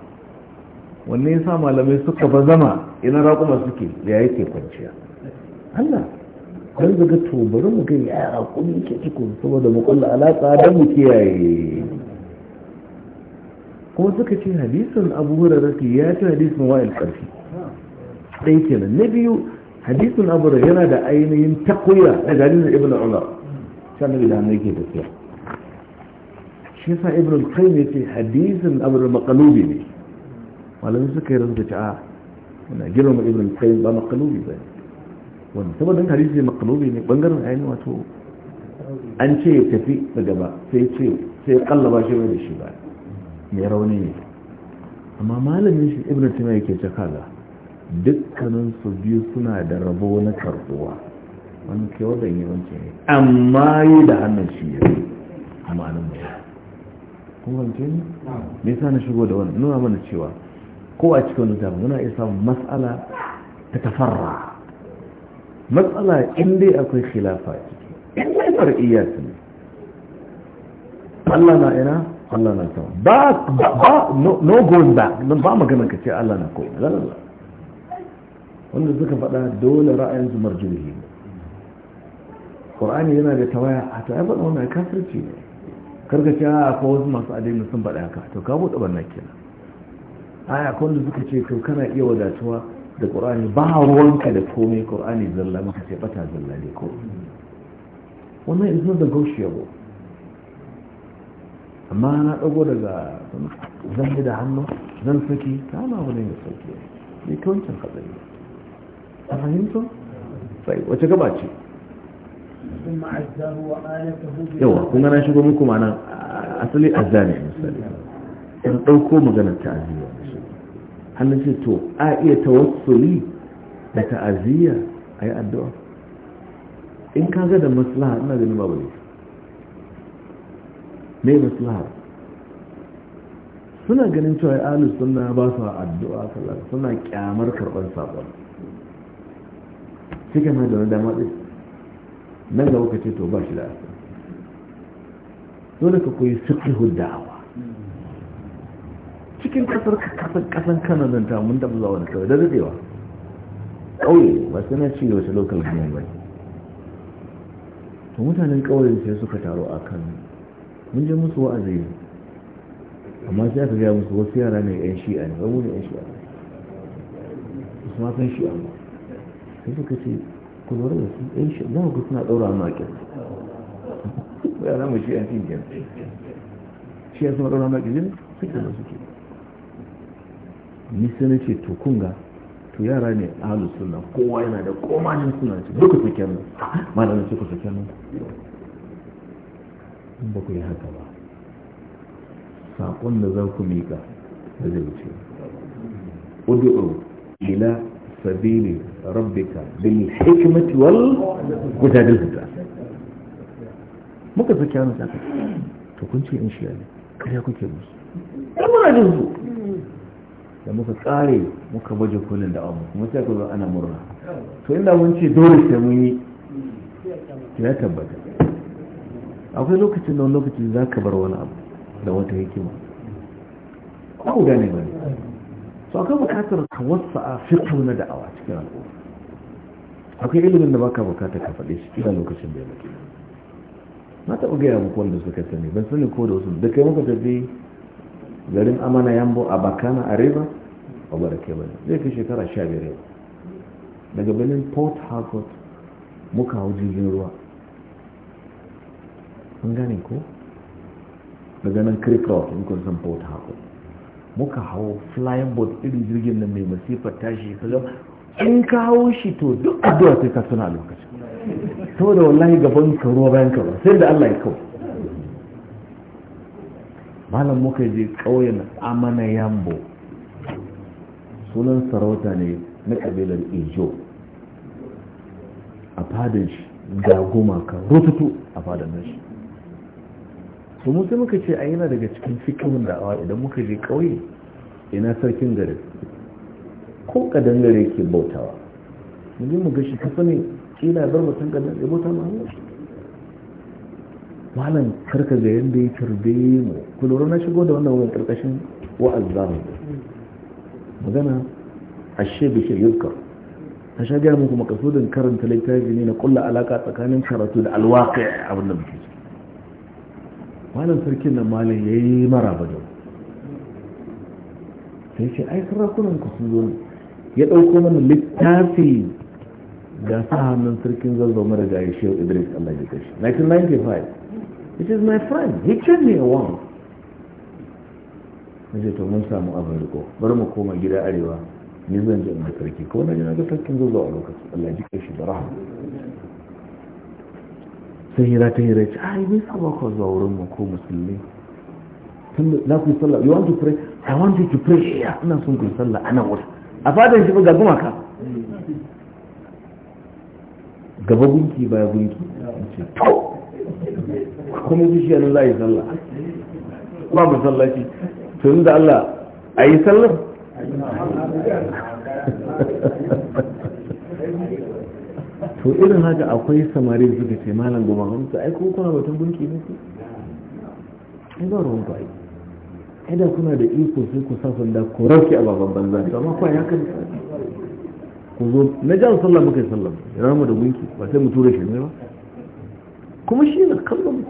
wanne yasa malamai suka ba zama ina raƙuma suke da ya yake kwanciya Allah kan zaga to bari mu ga ya raƙumi yake ciko saboda mu kulla alaƙa da mu kiyaye kuma suka ce hadisun abu hurarata ya ce hadisun wa'il ƙarfi ɗaya kenan na biyu hadisun abu yana da ainihin takwira daga da ibn umar sannan da hannun yake tafiya shi sa ibn al-qayyim ya ce hadisun abu makalubi ne malamin suka yi rantsa ta gina ah, girma ibn al ba makalubi ba wani saboda hadisi makalubi ne bangaren ainihin wato an ce ya tafi daga ba sai ce sai kallaba shi mai da shi ba mai rauni ne amma malamin shi ibn tima yake kaza dukkanin su biyu suna da rabo na karbuwa wani kewar da yawanci ne amma yi da hannun shi ya yi a ma'anin mai kuma wance ne me yasa na shigo da wani nuna mana cewa ko a cikin wani zamu muna iya samun matsala ta tafarra matsala in dai akwai khilafa ciki in dai far'iyya ne Allah na ina Allah na sama ba ba no going back don ba magana ka ce Allah na koyi la la wanda suka faɗa dole ra'ayin su marjuhi Qur'ani yana da tawaya a ta ai faɗa wannan kafirci ne karka ce a ko wasu masu addini sun faɗa haka to ka buɗe wannan kenan aya ko wanda suka ce to kana iya wadatuwa da Qur'ani ba ruwanka da komai Qur'ani zalla maka sai bata zalla ne ko wannan is not negotiable amma na ɗago daga zan da hannu zan saki ta ma wani mai sauki ne kawancin hatsari a fahimta sai wace gaba ce yawa kun gana shigo muku mana asali azani misali in ɗauko maganar ta'aziyya hannun ce to a iya tawassuli da ta'aziyya a yi addu'a in ka ga da maslaha ina ganin babu ne mai maslaha suna ganin cewa ya alu suna ba su addu'a kaza suna kyamar karɓar sabon cikin mai da wani dama ɗin nan ga kuka ce to ba shi da asali dole ka koyi fiqhud da'awa cikin kasar kasar kasan kana nan ta mun da wani kawai da dadewa ƙauye ba sai na ci wasu lokal government ba to mutanen ƙauyen sai suka taro kan mun je musu wa'azi ne amma sai aka gaya musu wasu yara ne yan shi'a ne wani ne yan shi'a ne su ma san shi'a ma sai suka ce ku lura da su yan shi'a za ku suna ɗaura ma ya yara mu shi'a cin ƙin shi'a suna ɗaura ma ƙin ne suke da suke ni sai na ce to kun ga to yara ne ahalu suna kowa yana da komanin suna ce duka su kyanin malamin suka su nan in ba ku yi haka ba saƙon da za ku miƙa da zai wuce udu'u ila sabili rabbika bil hikmati wal gudadil hita muka saki wani saka to kun ce in shiya ne kariya kuke musu ɗan muna jin su da muka tsare muka baje kolin da abu kuma sai ka zo ana murna to inda mun ce dole sai mun yi ya tabbata akwai lokacin da wani lokacin za ka bar wani abu da wata hikima ba ku gane ba ne so akwai bukatar ka wasa a firkau na da'awa cikin al'umma akwai ilimin da ba ka bukatar ka faɗe shi kila lokacin da ya baki na taɓa gaya muku wanda suka sani ban sani ko da wasu da kai muka tafi garin amana yambo a bakana a reba a gwada ke bane zai fi shekara sha biyar daga birnin port harcourt muka hau jirgin ruwa mun gane ko daga nan kirkrot in kun san port harcourt muka hau flying boat irin jirgin nan mai masifar tashi kaga in ka hau shi to duk addu'a sai ka suna lokaci lokacin saboda wallahi gaban ka ruwa bayan ka sai da Allah ya kawo malam muka je ƙauyen amana yambo sunan sarauta ne na kabilar ijo a fadin shi ga gumaka rututu a fadin shi to mu sai muka ce a yana daga cikin fikirin da'awa idan muka je ƙauye ina sarkin gari ko kadan gare ke bautawa mu je mu gashi shi kafa ne kila bar mutum kadan ya bauta ma Allah malam karka ga yanda ya tarbe mu ku lura na shigo da wannan wurin karkashin mu. magana ashe bi shi a ta sha gaya muku makasudin karanta littafi ne na kulla alaka tsakanin karatu da alwaƙi abin da muke malam sarkin nan malam ya yi mara ba da sai ce ai sarakunan ku sun zo ya ɗauko mana littafi ga sa hannun sarkin zazzau mara ga ya shehu idris allah ya kashi 1995 it is my friend he can me once na ce to mun samu abin riko bari mu koma gida arewa ni zan ji da sarki ko na ji na ga sarkin zazzau a lokacin allah ya kashi da rahama sai hira ta hira ce ai me sa ba zuwa wurin mu ko musulmi za ku yi sallah you want to pray i want you to pray eh, ya ina son ku sallah ana wurin a fatan shi ga gumaka gaba gunki baya gunki ce to kuma bishiya shi za a yi sallah ba mu shi tun da Allah a yi sallah to irin haka akwai samari da suka ce malam goma hamsu ai ko kuna batun gunki ne ku ai ba ruwan ku ai ai da kuna da iko sai ku sa sanda ku rauke a baban banza to amma kwa ya kan ku zo na jan sallah muka sallah ya mu da gunki ba sai mu tura shi ne ba kuma shi na kallon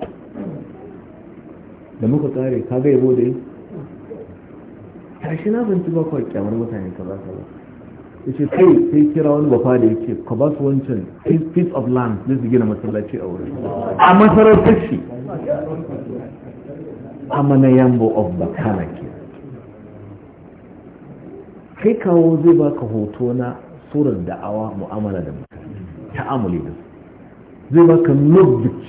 da muka kare ka ga yabo da yi tashi na bantu ba kwa kyamar mutane ka ba ba yace kai sai kira wani bafa da yake ka ba su wancan piece of land zai su gina masallaci a wurin a masarautar shi amma na yambo of bakana ke kai kawo zai baka hoto na surar da'awa mu'amala da mutane ta'amuli da su zai baka lokaci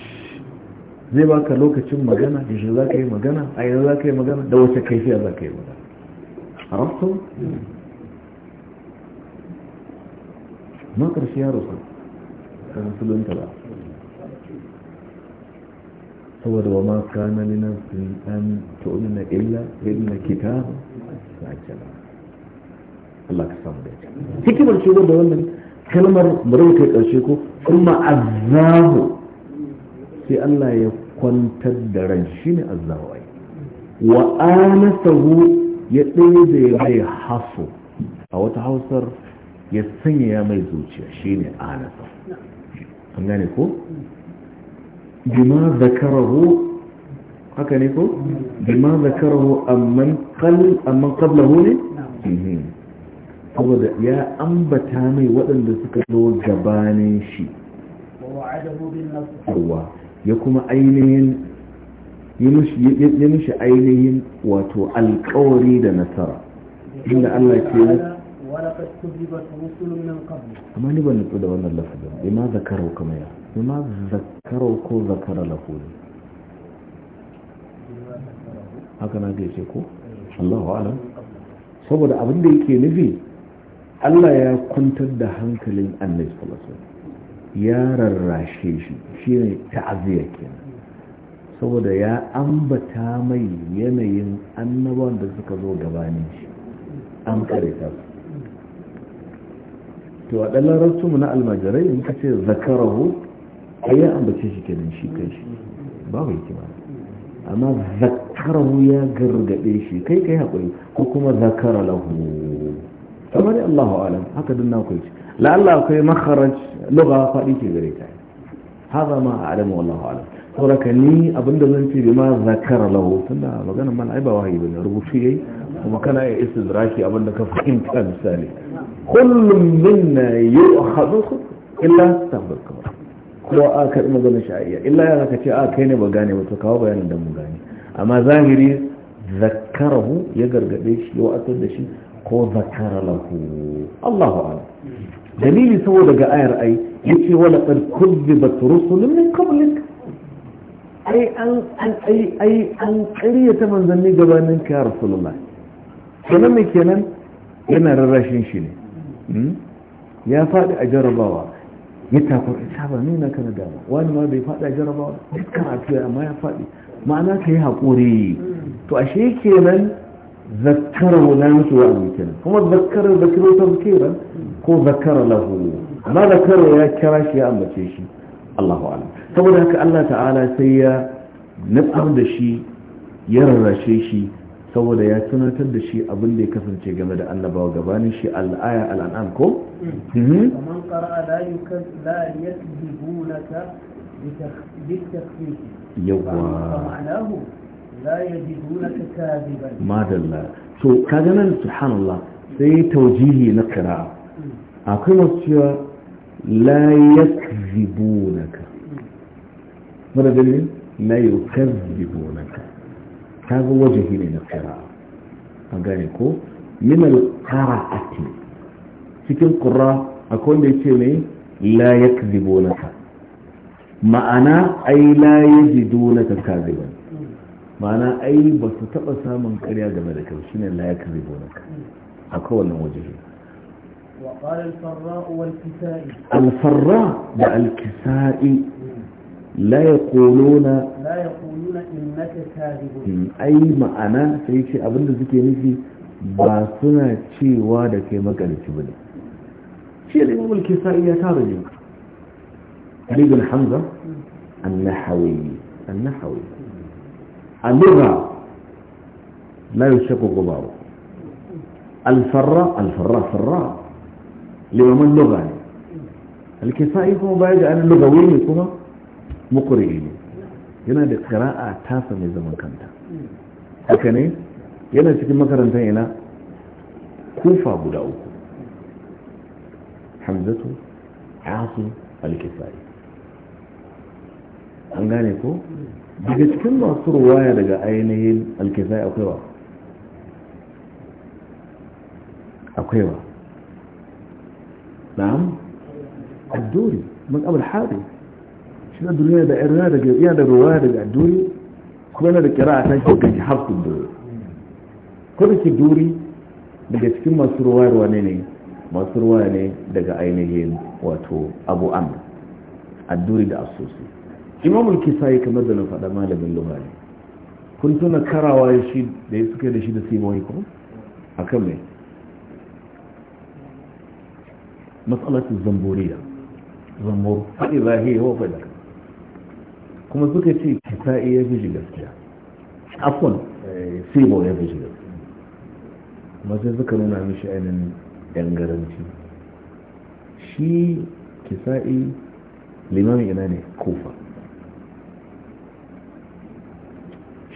zai baka lokacin magana yaushe za ka yi magana a yanzu za ka yi magana da wace kaifiya za ka yi magana a ma ƙarshe ya rufu ta musulunta ba saboda wa ma kana li nafsin an na illa illa kitab ba Allah ka samu da hikimar ce da wannan kalmar bari kai karshe ko kuma azahu sai Allah ya kwantar da ran shine azahu ai wa anasahu ya ɗaya da ya hasu a wata hausar ya sanya mai zuciya shine anasa an gane ko bima zakarahu haka ne ko bima zakarahu amman qal amman qablahu ne mhm. saboda ya ambata mai waɗanda suka zo gabanin shi ya kuma ainihin ya mishi ainihin wato alkawari da nasara inda Allah ke ولقد كذبت رسل من قبل ما نبغى نقول وانا اللفظ بما ذكروا كما يا بما ذكروا كو ذكر na هكذا نجي سيكو الله أعلم saboda abin da yake nufi Allah ya kwantar da hankalin annabi sallallahu alaihi ya rarrashe shi ne ta'aziyya kenan saboda ya ambata mai yanayin annabawan da suka zo gabanin shi an kare ta su to a ɗan larabci mu na almajirai in ka ce zakarahu a ya ambace shi kenan shi kai shi babu hikima amma zakarahu ya gargaɗe shi kai kai haƙuri ko kuma zakara lahu kamar da Allahu alam haka dun na kai la'alla akwai makharaj lugha faɗi ke gare ta hada ma a'lamu wallahu alam sauraka ni abinda zan ce bi ma zakara lahu tunda maganar man ai ba wahayi bane rubutu yayi kuma kana ya istidraki abinda ka fahimta misali kullum minna yu'khadhu illa sabr kamar ko a karbi magana shari'a illa ya zaka ce a kai ne ba gane ba to kawo bayanin da mu gane amma zahiri zakkarahu ya gargaɗe shi ya wa'atar da shi ko zakara lahu Allahu a'lam dalili saboda ga ayar ai yace wala qad kuzzibat rusulun min qablik ai an an ai ai an ƙaryata manzanni gabanin ka rasulullah kenan me kenan yana rarrashin shi ne Hmm? ya faɗi a jarabawa ya takwar ita ba nuna ka na dama wani ma bai faɗi a jarabawa duk karatu ya amma ya faɗi ma'ana ka yi haƙuri to ashe kenan zakkarar na musu wa kenan kuma ta ke nan ko zakkarar lahu amma zakkarar ya kira shi ya ambace shi Allahu alam saboda haka Allah ta'ala sai ya nutsar da shi ya rarrashe shi saboda ya tunatar da shi abin da ya kasance game da annabawa gabanin shi al'aya al'an'am ko? kaman ƙara la yasbihu laka bitakfifi yawwa ma'anahu la yajidunaka kadiban madalla to kaga nan subhanallah sai taujihi na kira akwai wasu cewa la yakzibunaka madadin la yukazzibunaka kaga wajihi ne na qira'a a gane ko min al a cikin qurra akwai wanda yake ne la yakzibunaka ma'ana ai la yajidunaka kaziban ma'ana ai ba su taɓa samun ƙarya game da kai shine la yakzibunaka akwai wannan wajihi وقال الفراء والكسائي الفراء والكسائي لا يقولون لا يقولون إنك كاذب أي معنى سيشي أبن ذكي نفي باسنا شيء وادك مقالة بني شيء الإمام الكسائي يتارج علي بن حمزة النحوي النحوي اللغة لا يشق غباره الفراء الفراء فراء لمن اللغة الكسائي هو بعيد عن اللغوي كما mukuri ne yana da kira'a tasa mai zaman kanta haka ne yana cikin makarantar yana kufa guda uku hamzatu asu alkifai an gane ko daga cikin masu ruwaya daga ainihin alkifai akwai wa akwai wa na'am adduri min abul hadith shi da duniya da irina daga iya da ruwa daga duri kuma na da kira a tashi kan shi hafsu da ko da ki duri daga cikin masu ruwa ruwa ne ne masu ruwa ne daga ainihin wato abu A duri da asusu imamul yi kamar da na faɗa malamin ne kun tuna karawa shi da ya suke da shi da simoni ko a kan mai matsalar zamboriya zambor faɗi zahiri wa faɗi kuma suka ce kifa'i ya fi gaskiya afon sibo ya fi gaskiya kuma sai suka nuna mishi ainihin dangaranci garanci shi kifa'i limamin ina ne kofa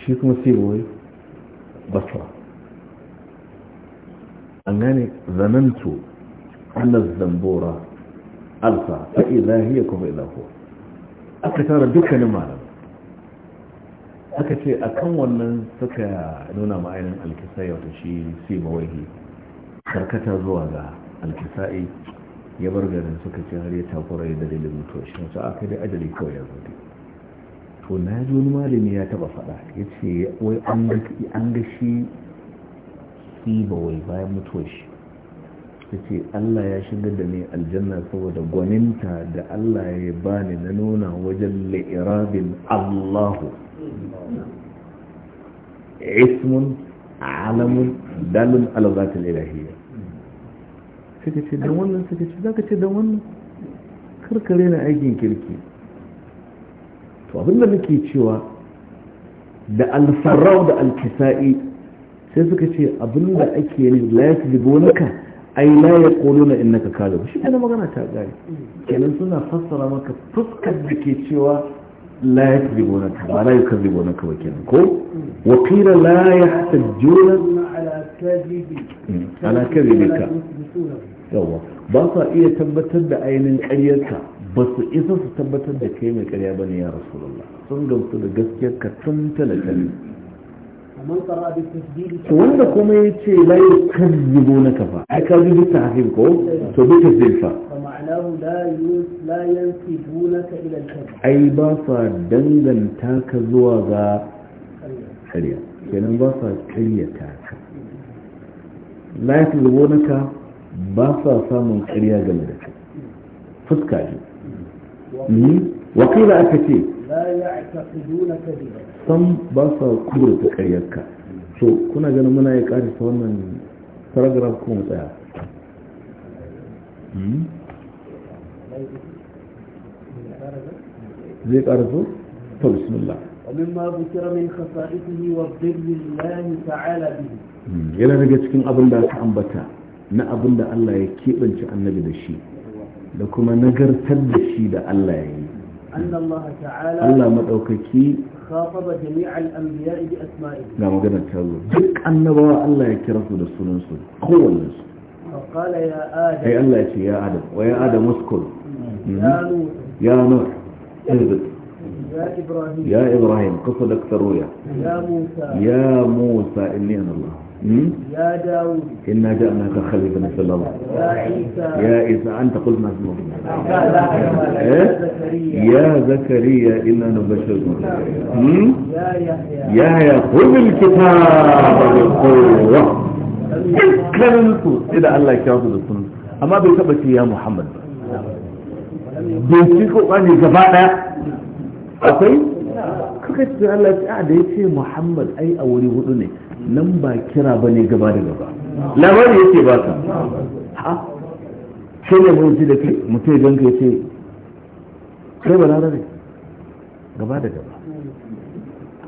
shi kuma sibo basra an gane zanantu annar zambora alfa fa'i zahiyar kuma ila kuwa aka tara dukkanin malam aka ce a kan wannan suka nuna ma'ainin alkisai wata shi si mawaihi karkata zuwa ga alkisai ya bar garin suka ce har ya takura da dalilin mutuwa shi wasu aka da ajali kawai ya zo to na ji wani malami ya taba faɗa ya ce wai an ga shi si mawai bayan mutuwa shi su ce allah ya shigar da ni aljanna saboda gwaninta da allah ya bani na nuna wajen la'irabin allahu ismun alamun dalin alazatul ilahiyya suka ce don wannan suka ce zaka ce don wannan karkare na aikin kirki to abinda muke cewa da alfarau da alkisa'i sai suka ce abinda ake yi la yasbibu laka ai la in naka kadhib shi ne magana ta gari kenan suna fassara maka fuskar da ke cewa la yakzibuna ka ba la yakzibuna ka ba kenan ko wa qila la yahtajuna ala kadhibi ala yawa ba sa iya tabbatar da ainihin karyarka ba su isa su tabbatar da kai mai karya ba ne ya rasulullah sun gamsu da gaskiyar ka tun talaka to wanda kuma ya ce la yi kazzibo na kafa ai ka zubi ta hafin ko to bi kazzib fa ai ba sa danganta ka zuwa ga ƙarya kenan ba sa ƙaryata ka la ya kazzibo na ka ba sa samun ƙarya game da ka fuska ne hmm? aka ce San ba sa ta karyarka so kuna ganin muna ya ƙari ta wannan paragraf kuma tsaya زي قرضه فبسم الله ومما ذكر من خصائصه تعالى به hmm. yana daga cikin abin da aka ambata na abin da Allah ya keɓance annabi da shi da kuma gartar da shi da Allah ya yi Allah maɗaukaki خاطب جميع الأنبياء بأسمائهم نعم قد تقول دك النبوة الله يكرس للسنن قوة قول فقال يا آدم أي الله يكي يا آدم ويا آدم اسكن يا نوح يا نوح اهبط يا إبراهيم يا إبراهيم قصد أكثر ويا يا موسى يا موسى إني أنا الله يا داود إنا جاءناك خليفة في الله يا عيسى يا عيسى أنت قلت ما اسمه إيه؟ يا زكريا إنا نبشرك. يا يحيى يا يحيى خذ الكتاب بالقوة النصوص إذا الله يكافئ بالصنم أما بيتبت يا محمد بيتيكو أني كفاية أقول كيف الله تعالى محمد أي أولي هدوني nan ba kira ba ne gaba da gaba labari yake ba ka ha sai ne mun ji da kai mutu ya ka ce kai ba larabe gaba da gaba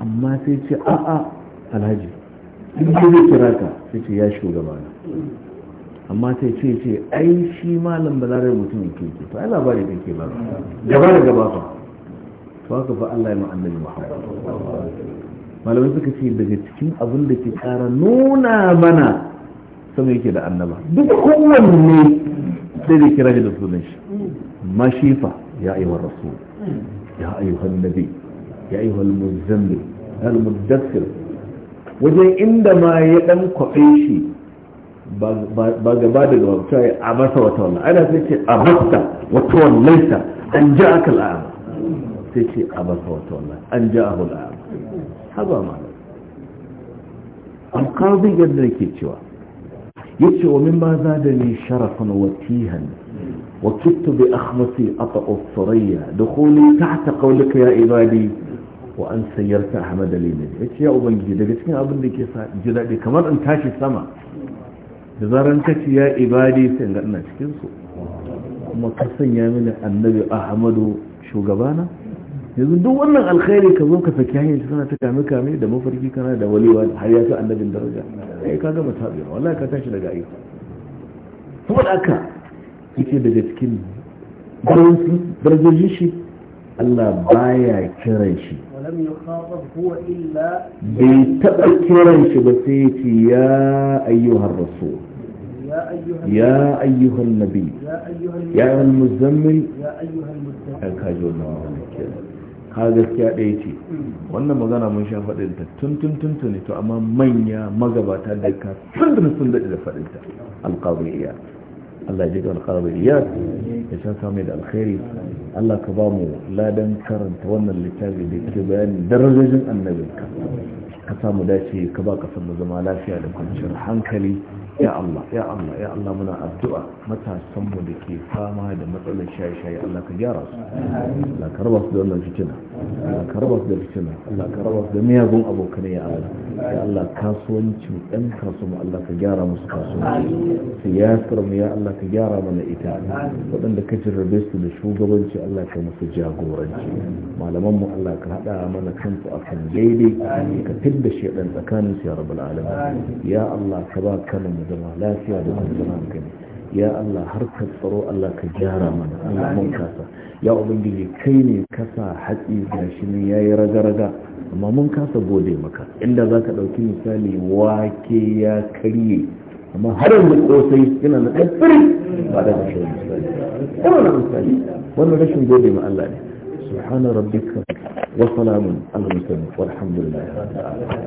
amma sai ce a'a alhaji in da zai kira ka sai ce ya gaba na amma sai ce ce ai shi malam balarar mutumin ke to ai labari da ke ba gaba da gaba fa to haka fa Allah ya mu annabi Muhammad malamai suka ce daga cikin abin da ke kara nuna mana sama yake da annaba duk kowanne sai da kira shi da sunan shi mashifa ya ayyuhar rasul ya ayyuhar nabi ya ayyuhar muzammil al-muddassir wajen inda ma ya dan kwafe shi ba gaba da gaba cewa ya abasa wata wallah ana sai ce abasta wata wallaita an ja ja'aka al'ama sai ce a abasa wata wallah an ja'ahu al'ama haba malam alƙazin yadda yake cewa ya ce wa min ba za da ni sharafan watihan wa kittu bi akhmasi da kone ta ta qawlika ya ibadi wa an sayyarta ahmad ne ya ce ya ubangiji daga cikin abin da ke sa ji daɗi kamar in tashi sama da zaran ka ya ibadi sai ga ina cikin kuma ka sanya mini annabi ahmadu shugabana yanzu duk wannan alkhairi ka zo ka saki hanyar shi kana ta kame kame da mafarki kana da walewa har ya fi annabin daraja ai ka gama tabewa wallahi ka tashi daga aiki saboda haka yake daga cikin darajoji darajojin shi Allah baya kiran shi bai taɓa kiran shi ba sai ya ce ya ayyuhar rasul يا أيها النبي يا أيها المزمل يا أيها المزمل ha gaskiya ɗaya ce wannan magana mun sha faɗinta tun tun tun tun to amma manya magabata da ka sun da sun daɗe da faɗinta alƙawariya Allah ji ga alƙawariya ya san samu da alkhairi Allah ka ba mu ladan karanta wannan littafi da ke bayanin darajojin annabinka ka samu dace ka ba kasar mu zama lafiya da kwanciyar hankali ya Allah ya Allah ya Allah muna addu'a matasanmu da ke fama da matsalar shaye-shaye Allah ka gyara su Allah ka raba su da wannan fitina ka raba su da fitina Allah ka raba su da miyagun abokanai ya Allah ya Allah kasuwanci ɗan kasuwa Allah ka gyara musu kasuwanci siyasar mu ya Allah ka gyara mana ita waɗanda ka jirrabe su da shugabanci Allah ka musu jagoranci malaman mu Allah ka haɗa mana kansu a kan daidai ka fidda ɗan tsakanin su ya rabbal alamin ya Allah ka ba kana mu zama lafiya da kwanciyar hankali ya Allah ka tsaro Allah ka gyara mana Allah mun kasa ya ubangiji kai ne ka sa ga shi ne ya yi raga-raga amma mun kasa gode maka inda za ka ɗauki misali wake ya karye amma har yanzu kosai yana na ɗanfiri ba da rashin misali yana na misali wannan rashin gode ma Allah ne subhana rabbika wa salamun al-mursalin walhamdulillah